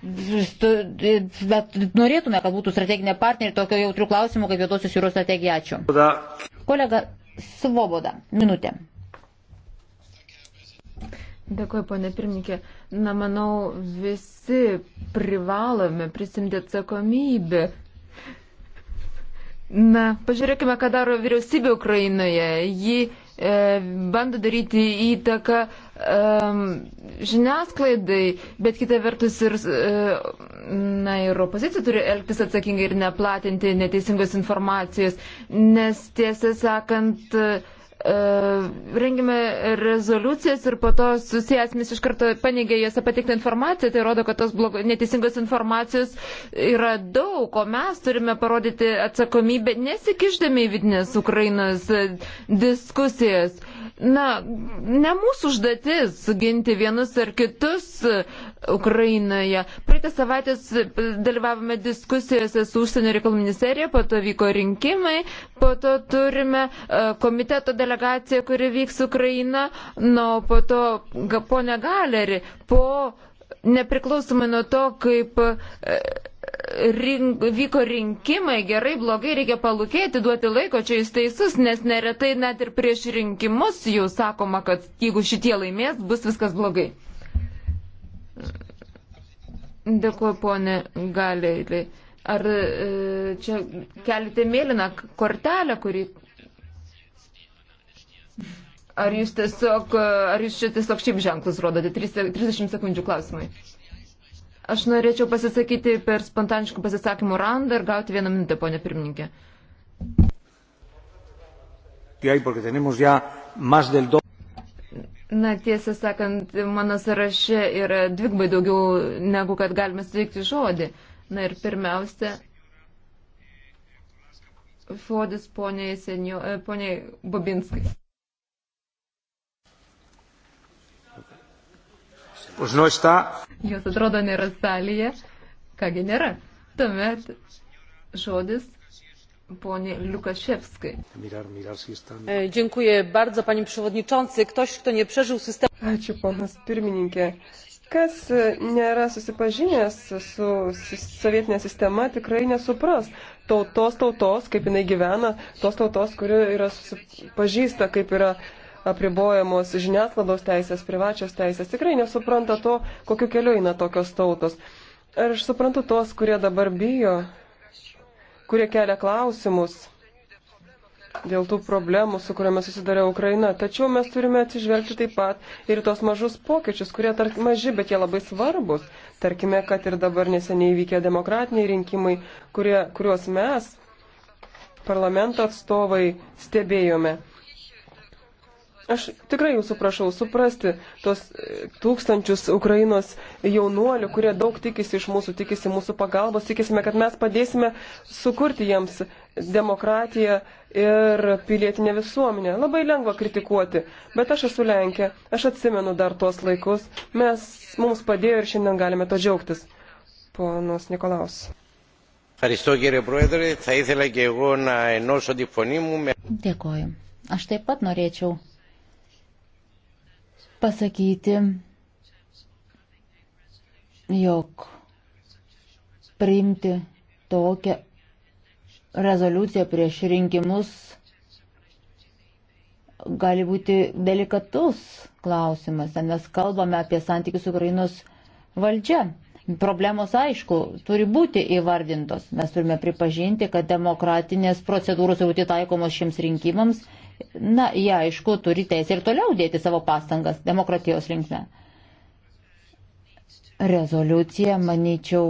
bet norėtume, kad būtų strateginė partnerė tokio jautrių klausimų kaip Jotosios jūros strategija. Ačiū. Kolega Svoboda, minutė. Dėkuoju, ponė pirmininkė. Na, manau, visi privalome prisimti atsakomybę. Na, pažiūrėkime, ką daro vyriausybė Ukrainoje. Ji E, bando daryti įtaką um, žiniasklaidai, bet kita vertus ir, e, na, ir opozicija turi elgtis atsakingai ir neplatinti neteisingos informacijos, nes tiesą sakant, uh, rengėme rezoliucijas ir po to susijęsmis iš karto paneigė juose patiktą informaciją, tai rodo, kad tos blogo, neteisingos informacijos yra daug, o mes turime parodyti atsakomybę nesikiždami į vidinės Ukrainos diskusijas. Na, ne mūsų užduotis ginti vienus ar kitus e, Ukrainoje. Praeitą savaitę dalyvavome diskusijose su užsienio reikalų ministerija, po to vyko rinkimai, po to turime e, komiteto delegaciją, kuri vyks Ukraina, na, po to ponė Galeri, po nepriklausomai nuo to, kaip e, rink, vyko rinkimai, gerai, blogai, reikia palūkėti, duoti laiko, čia jūs teisus, nes neretai net ir prieš rinkimus jau sakoma, kad jeigu šitie laimės, bus viskas blogai. Dėkuoju, ponė Galėlė. Ar e, čia kelite mėlyną kortelę, kurį Ar jūs tiesiog, ar jūs čia tiesiog šiaip ženklus rodote? 30 sekundžių klausimai. Aš norėčiau pasisakyti per spontaniškų pasisakymų randą ir gauti vieną minutę, ponė pirmininkė. Na, tiesą sakant, mano sąraše yra dvigbai daugiau negu kad galime suteikti žodį. Na ir pirmiausia, žodis poniai, senio, e, poniai Bobinskai. Pues no está. Jos atrodo nėra salėje. Kągi nėra. Tuomet žodis poniai Lukaszewskiej. E, dziękuję bardzo, panie przewodniczący. Ktoś, kto nie przeżył systemu. Ačiū, ponas pirmininkė. Kas e, nėra susipažinęs su sovietinė sistema, tikrai nesupras tautos tautos, kaip jinai gyvena, tos tautos, kuri yra susipažįsta, kaip yra uh, apribojamos žiniasklaidos teisės, privačios teisės, tikrai nesupranta to, kokiu keliu eina tokios tautos. Ar aš suprantu tos, kurie dabar bijo, kurie kelia klausimus dėl tų problemų, su kuriomis susidarė Ukraina. Tačiau mes turime atsižvelgti taip pat ir tos mažus pokyčius, kurie tarp maži, bet jie labai svarbus. Tarkime, kad ir dabar neseniai vykę demokratiniai rinkimai, kurie, kuriuos mes, parlamento atstovai, stebėjome. Aš tikrai jūsų prašau suprasti tos e, tūkstančius Ukrainos jaunuolių, kurie daug tikisi iš mūsų, tikisi mūsų pagalbos, tikisime, kad mes padėsime sukurti jiems demokratiją ir pilietinę visuomenę. Labai lengva kritikuoti, bet aš esu Lenkė, aš atsimenu dar tuos laikus, mes, mums padėjo ir šiandien galime to džiaugtis. Ponas Nikolaus. Ευχαριστώ κύριε Πρόεδρε. Θα ήθελα και εγώ να ενώσω τη φωνή μου με... Dėkoju. Aš taip pat norėčiau pasakyti, jog priimti tokią rezoliuciją prieš rinkimus gali būti delikatus klausimas, nes kalbame apie santykius Ukrainos valdžia. Problemos, aišku, turi būti įvardintos. Mes turime pripažinti, kad demokratinės procedūros turi būti taikomos šiems rinkimams Na, jie ja, aišku turi teisę ir toliau dėti savo pastangas demokratijos linkme. Rezoliucija, manyčiau,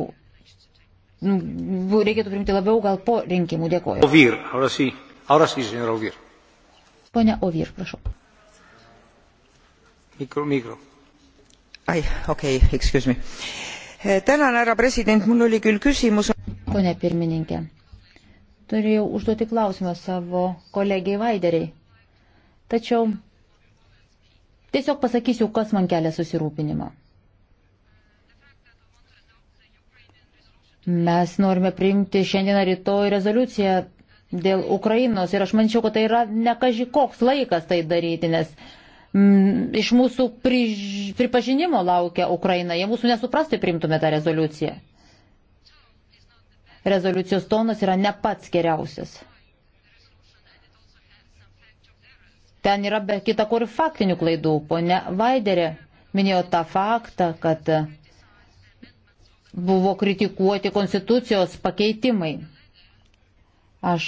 reikėtų priimti labiau gal po rinkimų. Dėkuoju. Ovir, ahora sí, ahora sí, señora Ovir. Pone Ovir, prašau. Mikro, mikro. Ai, okei okay,, excuse me. Tänan, härra president, mul oli küll küsimus. Pone pirmininkė Turėjau užduoti klausimą savo kolegiai Vaideriai. Tačiau tiesiog pasakysiu, kas man kelia susirūpinimą. Mes norime priimti šiandieną rytoj rezoliuciją dėl Ukrainos ir aš mančiau, kad tai yra nekaži koks laikas tai daryti, nes mm, iš mūsų priž, pripažinimo laukia Ukraina, jie mūsų nesuprastai priimtume tą rezoliuciją rezoliucijos tonas yra ne pats geriausias. Ten yra be kita kur faktinių klaidų. Pone Vaiderė minėjo tą faktą, kad buvo kritikuoti konstitucijos pakeitimai. Aš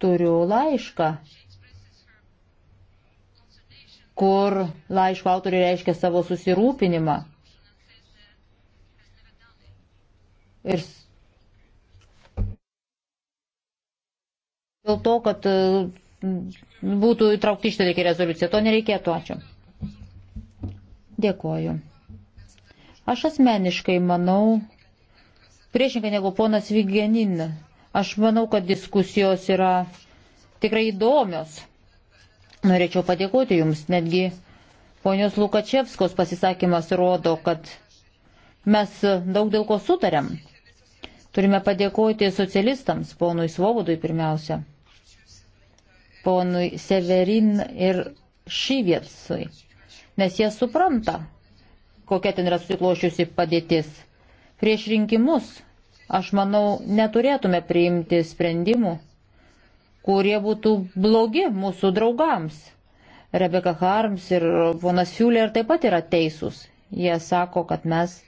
turiu laišką, kur laiško autoriai reiškia savo susirūpinimą Ir dėl to, kad e, būtų įtraukti šitą reikia rezoliuciją. To nereikėtų. Ačiū. Dėkoju. Aš asmeniškai manau, priešingai negu ponas Vigenin, aš manau, kad diskusijos yra tikrai įdomios. Norėčiau padėkoti Jums, netgi ponios Lukačevskos pasisakymas rodo, kad mes daug dėl ko sutarėm. Turime padėkoti socialistams, ponui Svobodui pirmiausia, ponui Severin ir Šyvietsui, nes jie supranta, kokia ten yra susiklošiusi padėtis. Prieš rinkimus, aš manau, neturėtume priimti sprendimų, kurie būtų blogi mūsų draugams. Rebeka Harms ir ponas Fiuler taip pat yra teisūs. Jie sako, kad mes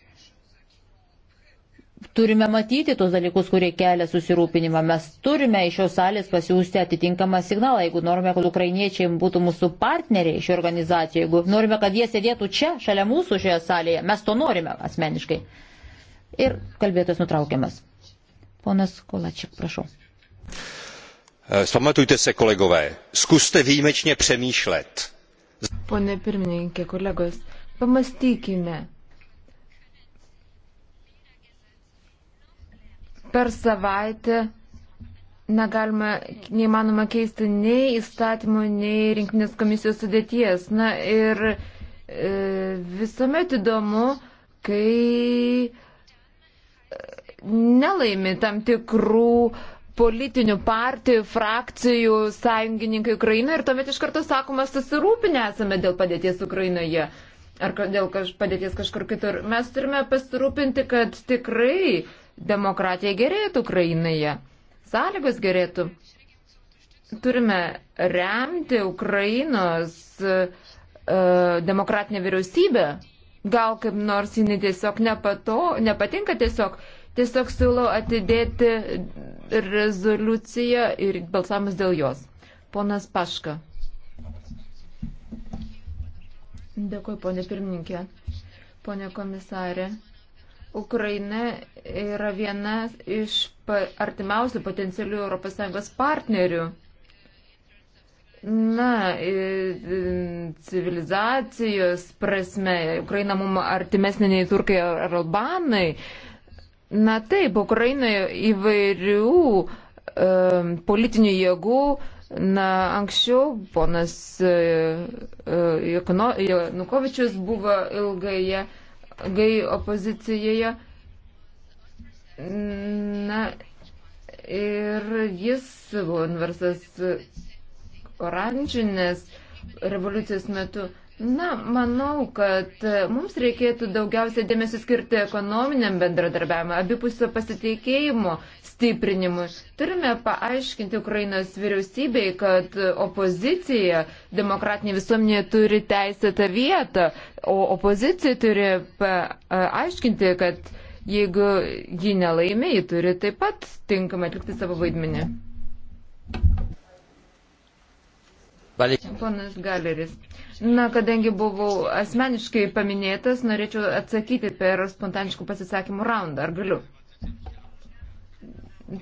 turime matyti tos dalykus, kurie kelia susirūpinimą. Mes turime iš šios salės pasiūsti atitinkamą signalą, jeigu norime, kad ukrainiečiai būtų mūsų partneriai šio organizacijoje, jeigu norime, kad jie sėdėtų čia, šalia mūsų šioje salėje, mes to norime asmeniškai. Ir kalbėtojas nutraukiamas. Ponas Kolačik, prašau. Spamatujte e, se, kolegové, zkuste výjimečně přemýšlet. Pone pirmininkė, kolegos, pamastykime, per savaitę negalima, neįmanoma keisti nei įstatymų, nei rinkinės komisijos sudėties. Na ir e, visuomet įdomu, kai e, nelaimi tam tikrų politinių partijų, frakcijų sąjungininkai Ukrainoje ir tuomet iš karto sakoma, susirūpinę esame dėl padėties Ukrainoje ar dėl kaž, padėties kažkur kitur. Mes turime pasirūpinti, kad tikrai demokratija gerėtų Ukrainoje, sąlygos gerėtų. Turime remti Ukrainos uh, demokratinę vyriausybę. Gal kaip nors jinai tiesiog nepato, nepatinka tiesiog. Tiesiog siūlau atidėti rezoliuciją ir balsavimas dėl jos. Ponas Paška. Dėkuoju, ponė pirmininkė. Pone komisarė. Ukraina yra viena iš artimiausių potencialių ES partnerių. Na, civilizacijos prasme, Ukraina mums artimesnė nei turkai ar albanai. Na taip, Ukrainoje įvairių um, e, politinių jėgų, na anksčiau ponas uh, e, uh, e, Janukovičius buvo ilgai. Uh, gai opozicijoje. Na ir jis buvo inversas oranžinės revoliucijos metu. Na, manau, kad e, mums reikėtų daugiausia dėmesio skirti ekonominiam bendradarbiavimui, abipusio pasiteikėjimo stiprinimui. Turime paaiškinti Ukrainos vyriausybei, kad opozicija demokratinė visuomenė turi teisėtą vietą, o opozicija turi paaiškinti, kad jeigu ji nelaimė, ji turi taip pat tinkamai atlikti savo vaidmenį. Ponas Galeris. Na, kadangi buvau asmeniškai paminėtas, norėčiau atsakyti per spontaniškų pasisakymų raundą. Ar galiu?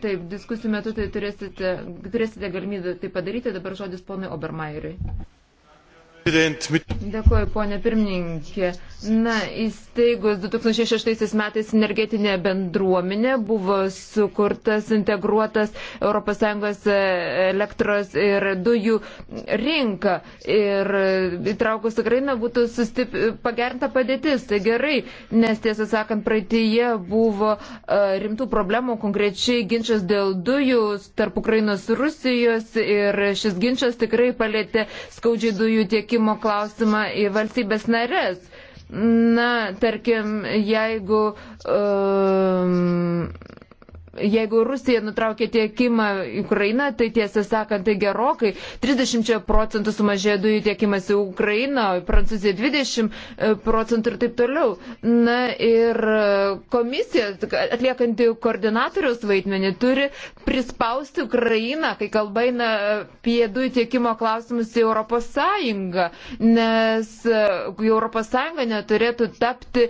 Taip, diskusijų metu tai turėsite, turėsite galimybę tai padaryti. Dabar žodis ponui Obermajeriui. Dėkuoju, ponė pirmininkė. Na, įsteigus 2006 metais energetinė bendruomenė buvo sukurtas integruotas ES elektros ir dujų rinka. Ir įtraukus Ukrainą būtų sustip... pagerinta padėtis. Tai gerai, nes tiesą sakant, praeitėje buvo e, rimtų problemų, konkrečiai ginčas dėl dujų tarp Ukrainos ir Rusijos. Ir šis ginčas tikrai palėtė skaudžiai dujų tiekimą patikimo klausimą į valstybės narės. Na, tarkim, jeigu um, jeigu Rusija nutraukė tiekimą į Ukrainą, tai tiesą sakant, tai gerokai 30 procentų sumažėjo dujų tiekimas į Ukrainą, Prancūzija 20 e, procentų ir taip toliau. Na ir e, komisija, atliekanti koordinatoriaus vaidmenį, turi prispausti Ukrainą, kai kalba eina apie dujų tiekimo klausimus į Europos Sąjungą, nes e, Europos Sąjunga neturėtų tapti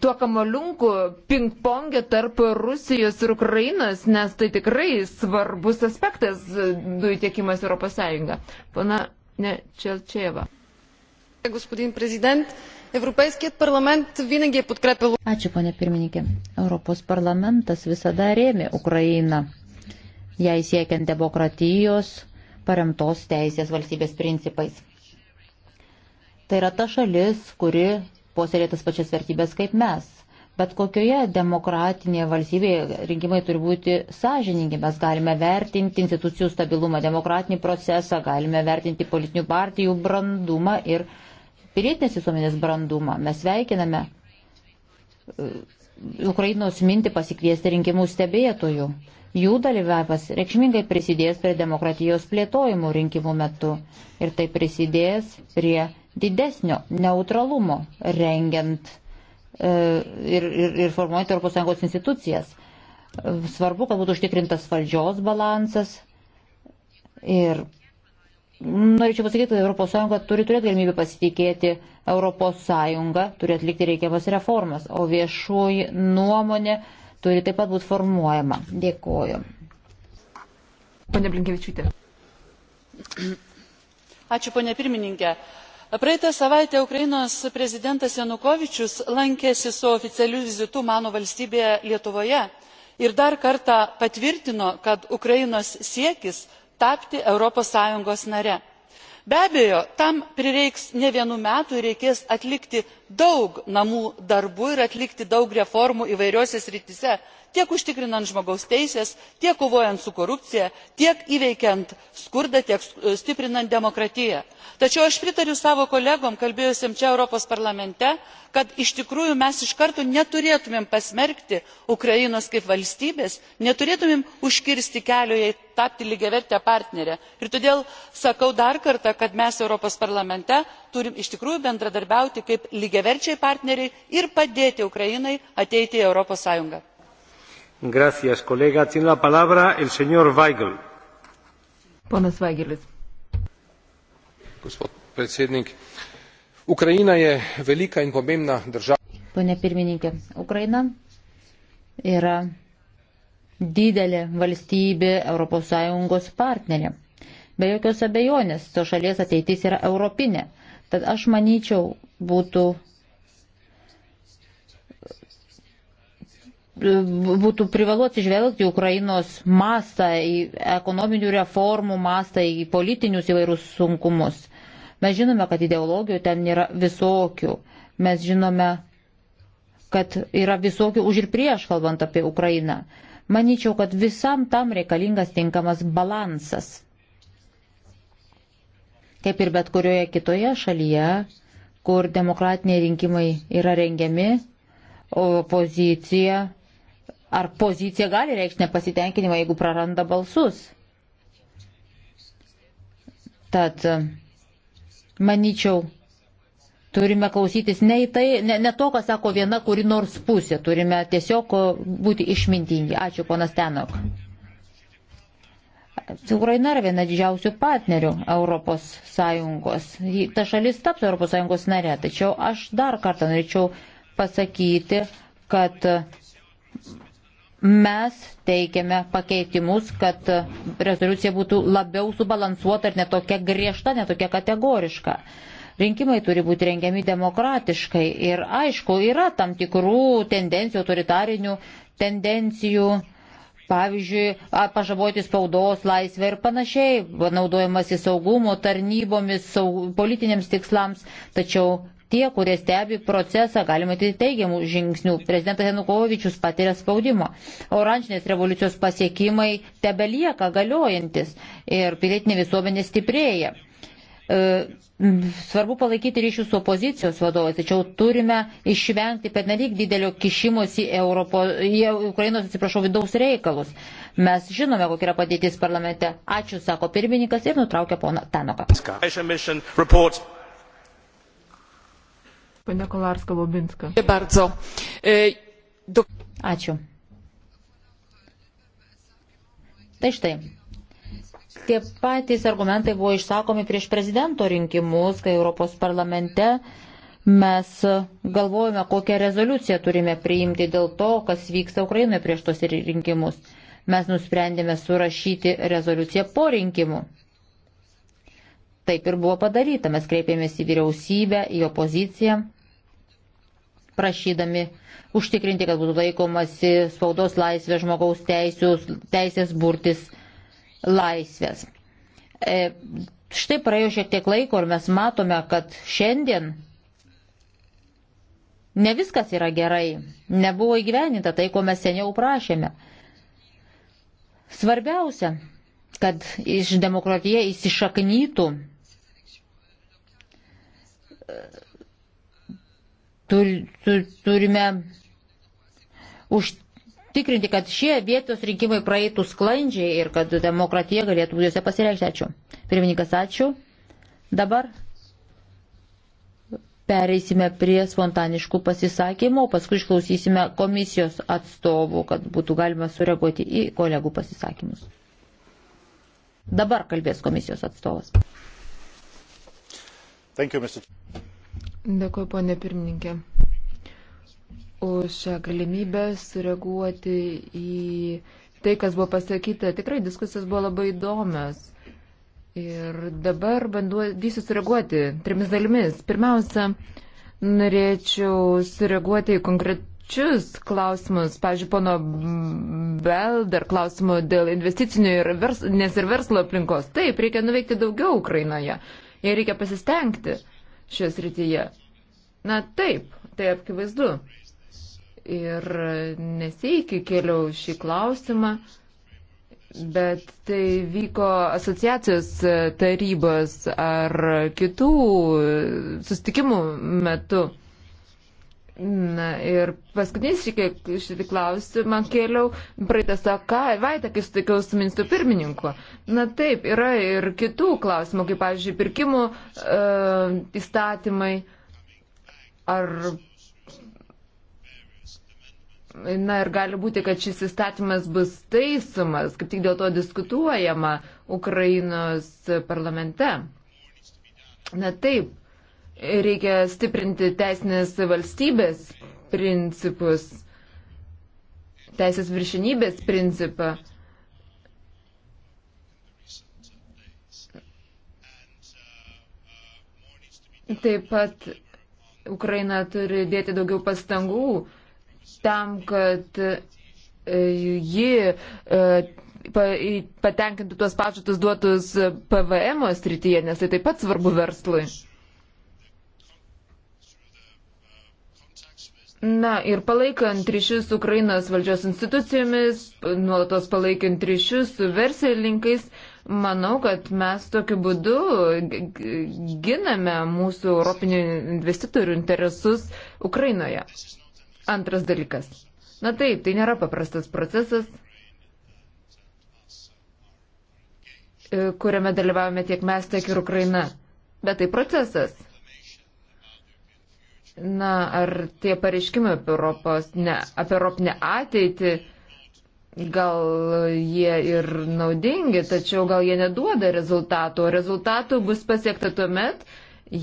tuo kamoliunku ping-pongė tarp Rusijos ir Ukrainos. Ukrainos, nes tai tikrai svarbus aspektas dujų tiekimas Europos Sąjunga. Pana Нечелчева. Господин президент, Европейският парламент винаги е подкрепил. Ačiū, ponė pirmininkė. Europos parlamentas visada rėmė Ukrainą, jai siekiant demokratijos, paremtos teisės valstybės principais. Tai yra ta šalis, kuri posėlė tas pačias vertybės kaip mes Bet kokioje demokratinėje valstybėje rinkimai turi būti sąžiningi. Mes galime vertinti institucijų stabilumą, demokratinį procesą, galime vertinti politinių partijų brandumą ir pilietinės visuomenės brandumą. Mes veikiname e, Ukrainos mintį pasikviesti rinkimų stebėtojų. Jų dalyvavimas reikšmingai prisidės prie demokratijos plėtojimų rinkimų metu ir tai prisidės prie didesnio neutralumo rengiant E, ir, ir, ir formuojant ES institucijas. Svarbu, kad būtų užtikrintas valdžios balansas ir norėčiau pasakyti, kad ES turi turėti galimybę pasitikėti ES, turi atlikti reikiamas reformas, o viešoji nuomonė turi taip pat būti formuojama. Dėkuoju. Pane Blinkevičiūtė. Ačiū, ponė pirmininkė praeitą savaitę ukrainos prezidentas janukovyčius lankėsi su oficialiu vizitu mano valstybėje lietuvoje ir dar kartą patvirtino kad ukrainos siekis tapti europos sąjungos nare. be abejo tam prireiks ne vienų metų ir reikės atlikti daug namų darbų ir atlikti daug reformų įvairiose srityse tiek užtikrinant žmogaus teises tiek kovojant su korupcija tiek įveikiant skurdą tiek e, stiprinant demokratiją. tačiau aš pritariu savo kolegoms kalbėjusiems čia europos parlamente kad iš tikrųjų mes iš karto neturėtumėm pasmerkti ukrainos kaip valstybės neturėtumėm užkirsti kelio jai tapti lygiaverte partnere ir todėl sakau dar kartą kad mes europos parlamente turime iš tikrųjų bendradarbiauti kaip lygiaverčiai partneriai lygiaverčiai partneriai ir padėti ukrainai ateiti į europos sąjungą. Gracias, kolega. Tiene la palabra el señor Weigel. Ponas Weigelis. Gospod predsednik, Ukraina je velika in pomembna država. Pane pirmininkė, Ukraina yra didelė valstybė ES partnerė. Be jokios abejonės, to šalies ateitis yra europinė. Tad aš manyčiau, būtų būtų privalu atsižvelgti Ukrainos mastą, į ekonominių reformų mastą, į politinius įvairius sunkumus. Mes žinome, kad ideologijų ten yra visokių. Mes žinome, kad yra visokių už ir prieš, kalbant apie Ukrainą. Maničiau, kad visam tam reikalingas tinkamas balansas. Kaip ir bet kurioje kitoje šalyje, kur demokratiniai rinkimai yra rengiami, opozicija Ar pozicija gali reikšti nepasitenkinimą, jeigu praranda balsus? Tad, manyčiau, turime klausytis ne, tai, ne, ne to, ką sako viena kuri nors pusė. Turime tiesiog būti išmintingi. Ačiū, ponas Tenok. Ukraina yra viena didžiausių partnerių Europos Sąjungos. Ta šalis taps Europos Sąjungos narė. Tačiau aš dar kartą norėčiau pasakyti, kad mes teikiame pakeitimus, kad rezoliucija būtų labiau subalansuota ir netokia griežta, netokia kategoriška. Rinkimai turi būti rengiami demokratiškai ir aišku, yra tam tikrų tendencijų, autoritarinių tendencijų, pavyzdžiui, pažaboti spaudos laisvę ir panašiai, naudojamasi saugumo tarnybomis, saug, politiniams tikslams, tačiau tie, kurie stebi procesą, galima tai teigiamų žingsnių. Prezidentas Janukovičius patiria spaudimo. Oranžinės revoliucijos pasiekimai tebelieka galiojantis ir pilietinė visuomenė stiprėja. E, svarbu palaikyti ryšius su opozicijos vadovais, tačiau turime išvengti pernelyg didelio kišimosi į, Europo, į Ukrainos, atsiprašau, vidaus reikalus. Mes žinome, kokia yra padėtis parlamente. Ačiū, sako pirmininkas ir nutraukia poną Tanoką. Pane Kolarska Lobinska. E, Ačiū. Tai štai. Tie patys argumentai buvo išsakomi prieš prezidento rinkimus, kai Europos parlamente mes galvojame, kokią rezoliuciją turime priimti dėl to, kas vyksta Ukrainoje prieš tos rinkimus. Mes nusprendėme surašyti rezoliuciją po rinkimų. Taip ir buvo padaryta. Mes kreipėmės į vyriausybę, į opoziciją prašydami užtikrinti, kad būtų laikomasi spaudos laisvės, žmogaus teisės, teisės burtis laisvės. E, štai praėjo šiek tiek laiko ir mes matome, kad šiandien ne viskas yra gerai, nebuvo įgyveninta tai, ko mes seniau prašėme. Svarbiausia, kad iš demokratija įsišaknytų tur, tur, turime užtikrinti, kad šie vietos rinkimai praeitų sklandžiai ir kad demokratija galėtų juose pasireikšti. Ačiū. Pirmininkas, ačiū. Dabar pereisime prie spontaniškų pasisakymų, o paskui išklausysime komisijos atstovų, kad būtų galima sureaguoti į kolegų pasisakymus. Dabar kalbės komisijos atstovas. Thank you, Mr. Dėkuoju, ponė pirmininkė, už galimybę sureaguoti į tai, kas buvo pasakyta. Tikrai diskusijos buvo labai įdomios. Ir dabar bandysiu sureaguoti trimis dalimis. Pirmiausia, norėčiau sureaguoti į konkrečius klausimus. Pavyzdžiui, pono Belder klausimų dėl investicinių ir vers, nes ir verslo aplinkos. Taip, reikia nuveikti daugiau Ukrainoje. Jei reikia pasistengti šios rytyje. Na taip, tai apkivaizdu. Ir nesiekiai keliau šį klausimą, bet tai vyko asociacijos tarybos ar kitų sustikimų metu. Na ir paskutinis šitą klausimą kėliau praeitą savaitę, kai sutikau su ministru pirmininku. Na taip, yra ir kitų klausimų, kaip, pavyzdžiui, pirkimų uh, įstatymai ar. Na ir gali būti, kad šis įstatymas bus taisomas, kaip tik dėl to diskutuojama Ukrainos parlamente. Na taip, Reikia stiprinti teisinės valstybės principus, teisės viršinybės principą. Taip pat Ukraina turi dėti daugiau pastangų tam, kad e, ji e, patenkintų tuos pažadus duotus PVM srityje, nes tai taip pat svarbu verslui. Na ir palaikant ryšius su Ukrainos valdžios institucijomis, nuolatos palaikant ryšius su verslininkais, manau, kad mes tokiu būdu giname mūsų europinių investitorių interesus Ukrainoje. Antras dalykas. Na taip, tai nėra paprastas procesas, e, kuriame dalyvavome tiek mes, tiek ir Ukraina. Bet tai procesas. Na, ar tie pareiškimai apie, Europos, ne, apie Europinę ateitį, gal jie ir naudingi, tačiau gal jie neduoda rezultatų. Rezultatų bus pasiekta tuo met,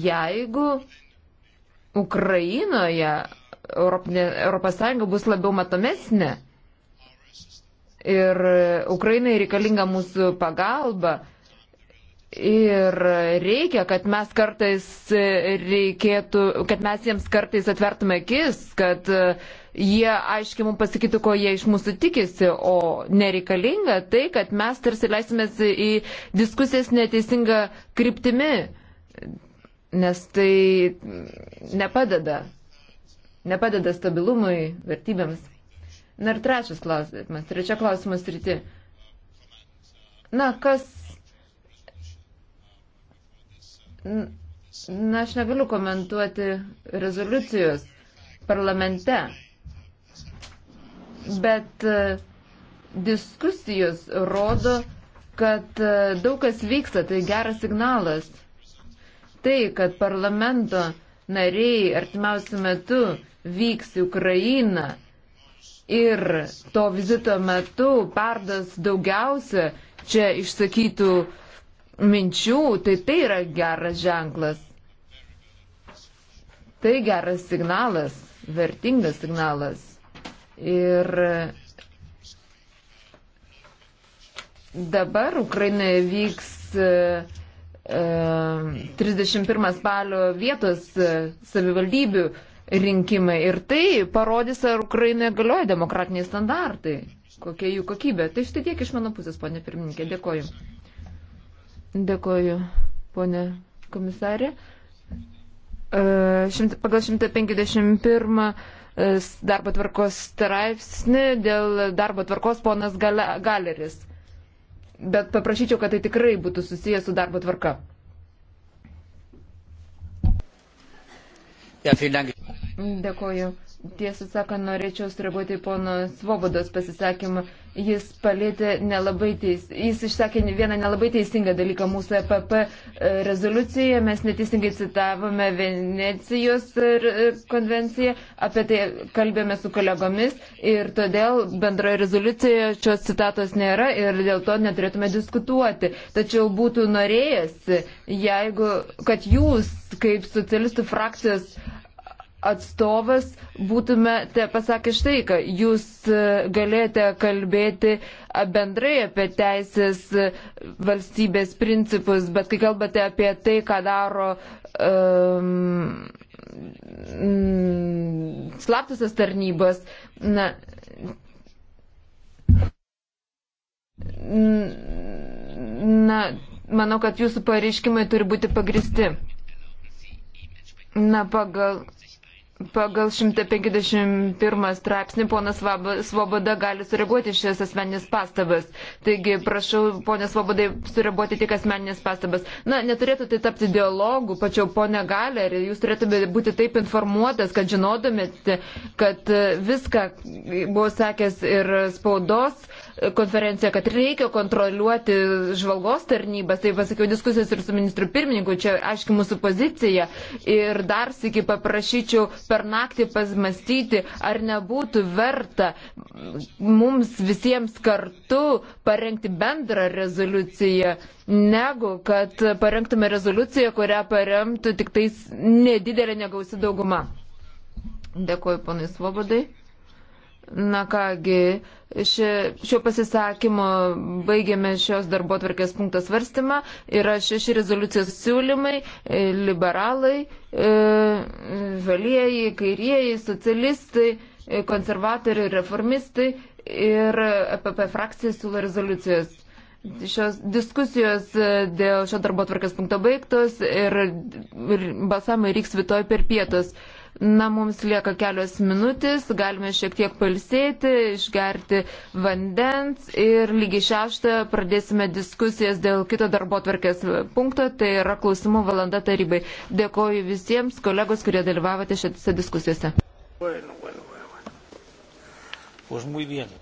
jeigu Ukrainoje Europinė, Europos Sąjunga bus labiau matomesnė. Ir Ukrainai reikalinga mūsų pagalba Ir reikia, kad mes kartais reikėtų, kad mes jiems kartais atvertume akis, kad e, jie aiškiai mums pasakytų, ko jie iš mūsų tikisi, o nereikalinga tai, kad mes tarsi leisimės į diskusijas neteisinga kryptimi, nes tai nepadeda, nepadeda stabilumui, vertybėms. Na ir trečias klausimas, trečia klausimas ryti. Na, kas Na, aš negaliu komentuoti rezoliucijos parlamente, bet e, diskusijos rodo, kad e, daug kas vyksta, tai geras signalas. Tai, kad parlamento nariai artimiausių metų vyks į Ukrainą ir to vizito metu perdas daugiausia čia išsakytų minčių, tai tai yra geras ženklas. Tai geras signalas, vertingas signalas. Ir dabar Ukrainoje vyks e, 31 e, spalio vietos e, savivaldybių rinkimai ir tai parodys, ar Ukrainoje galioja demokratiniai standartai, kokia jų kokybė. Tai štai tiek iš mano pusės, ponė pirmininkė, dėkoju. Dėkoju, ponė komisarė. E, pagal 151 e, darbo tvarkos straipsnį dėl darbo tvarkos ponas Galeris. Bet paprašyčiau, kad tai tikrai būtų susijęs su darbo tvarka. Ja, Dėkoju tiesą sakant, norėčiau sureaguoti pono Svobodos pasisakymą. Jis palėtė nelabai teis, jis išsakė vieną nelabai teisingą dalyką mūsų EPP e, rezoliucijoje. Mes neteisingai citavome Venecijos e, konvenciją, apie tai kalbėjome su kolegomis ir todėl bendroje rezoliucijoje šios citatos nėra ir dėl to neturėtume diskutuoti. Tačiau būtų norėjęs, jeigu, kad jūs kaip socialistų frakcijos atstovas būtumėte pasakę štai, kad jūs e, galėjote kalbėti bendrai apie teisės e, valstybės principus, bet kai kalbate apie tai, ką daro um, slaptasias tarnybos, na. Na, manau, kad jūsų pareiškimai turi būti pagristi. Na, pagal Pagal 151 straipsnį ponas Svoboda gali sureaguoti šias asmeninės pastabas. Taigi, prašau, ponas Svobodai, sureaguoti tik asmeninės pastabas. Na, neturėtų tai tapti dialogų, pačiau ponė Galer, jūs turėtumėte būti taip informuotas, kad žinotumėte, kad e, viską e, buvo sakęs ir spaudos konferencijoje, kad reikia kontroliuoti žvalgos tarnybas, tai pasakiau diskusijos ir su ministru pirmininku, čia aiški mūsų pozicija. Ir dar sėki paprašyčiau per naktį pasmastyti, ar nebūtų verta mums visiems kartu parengti bendrą rezoliuciją, negu kad parengtume rezoliuciją, kurią paremtų tik tais nedidelė negausi dauguma. Dėkuoju, ponai Svobodai. Na kągi, šiuo pasisakymu baigėme šios darbo tvarkės punktas svarstymą. Yra šeši rezoliucijos siūlymai e, - liberalai, e, žalieji, kairieji, socialistai, e, konservatoriai, reformistai ir APP frakcija siūlo rezoliucijos. Šios diskusijos dėl šio darbo tvarkės punkto baigtos ir, ir balsamai reiks rytoj per pietus. Na, mums lieka kelios minutės, galime šiek tiek palsėti, išgerti vandens ir lygiai šeštą pradėsime diskusijas dėl kito darbo tvarkės punkto, tai yra klausimų valanda tarybai. Dėkoju visiems kolegos, kurie dalyvavote šiose diskusijose. Bueno, bueno, bueno, pues muy bien.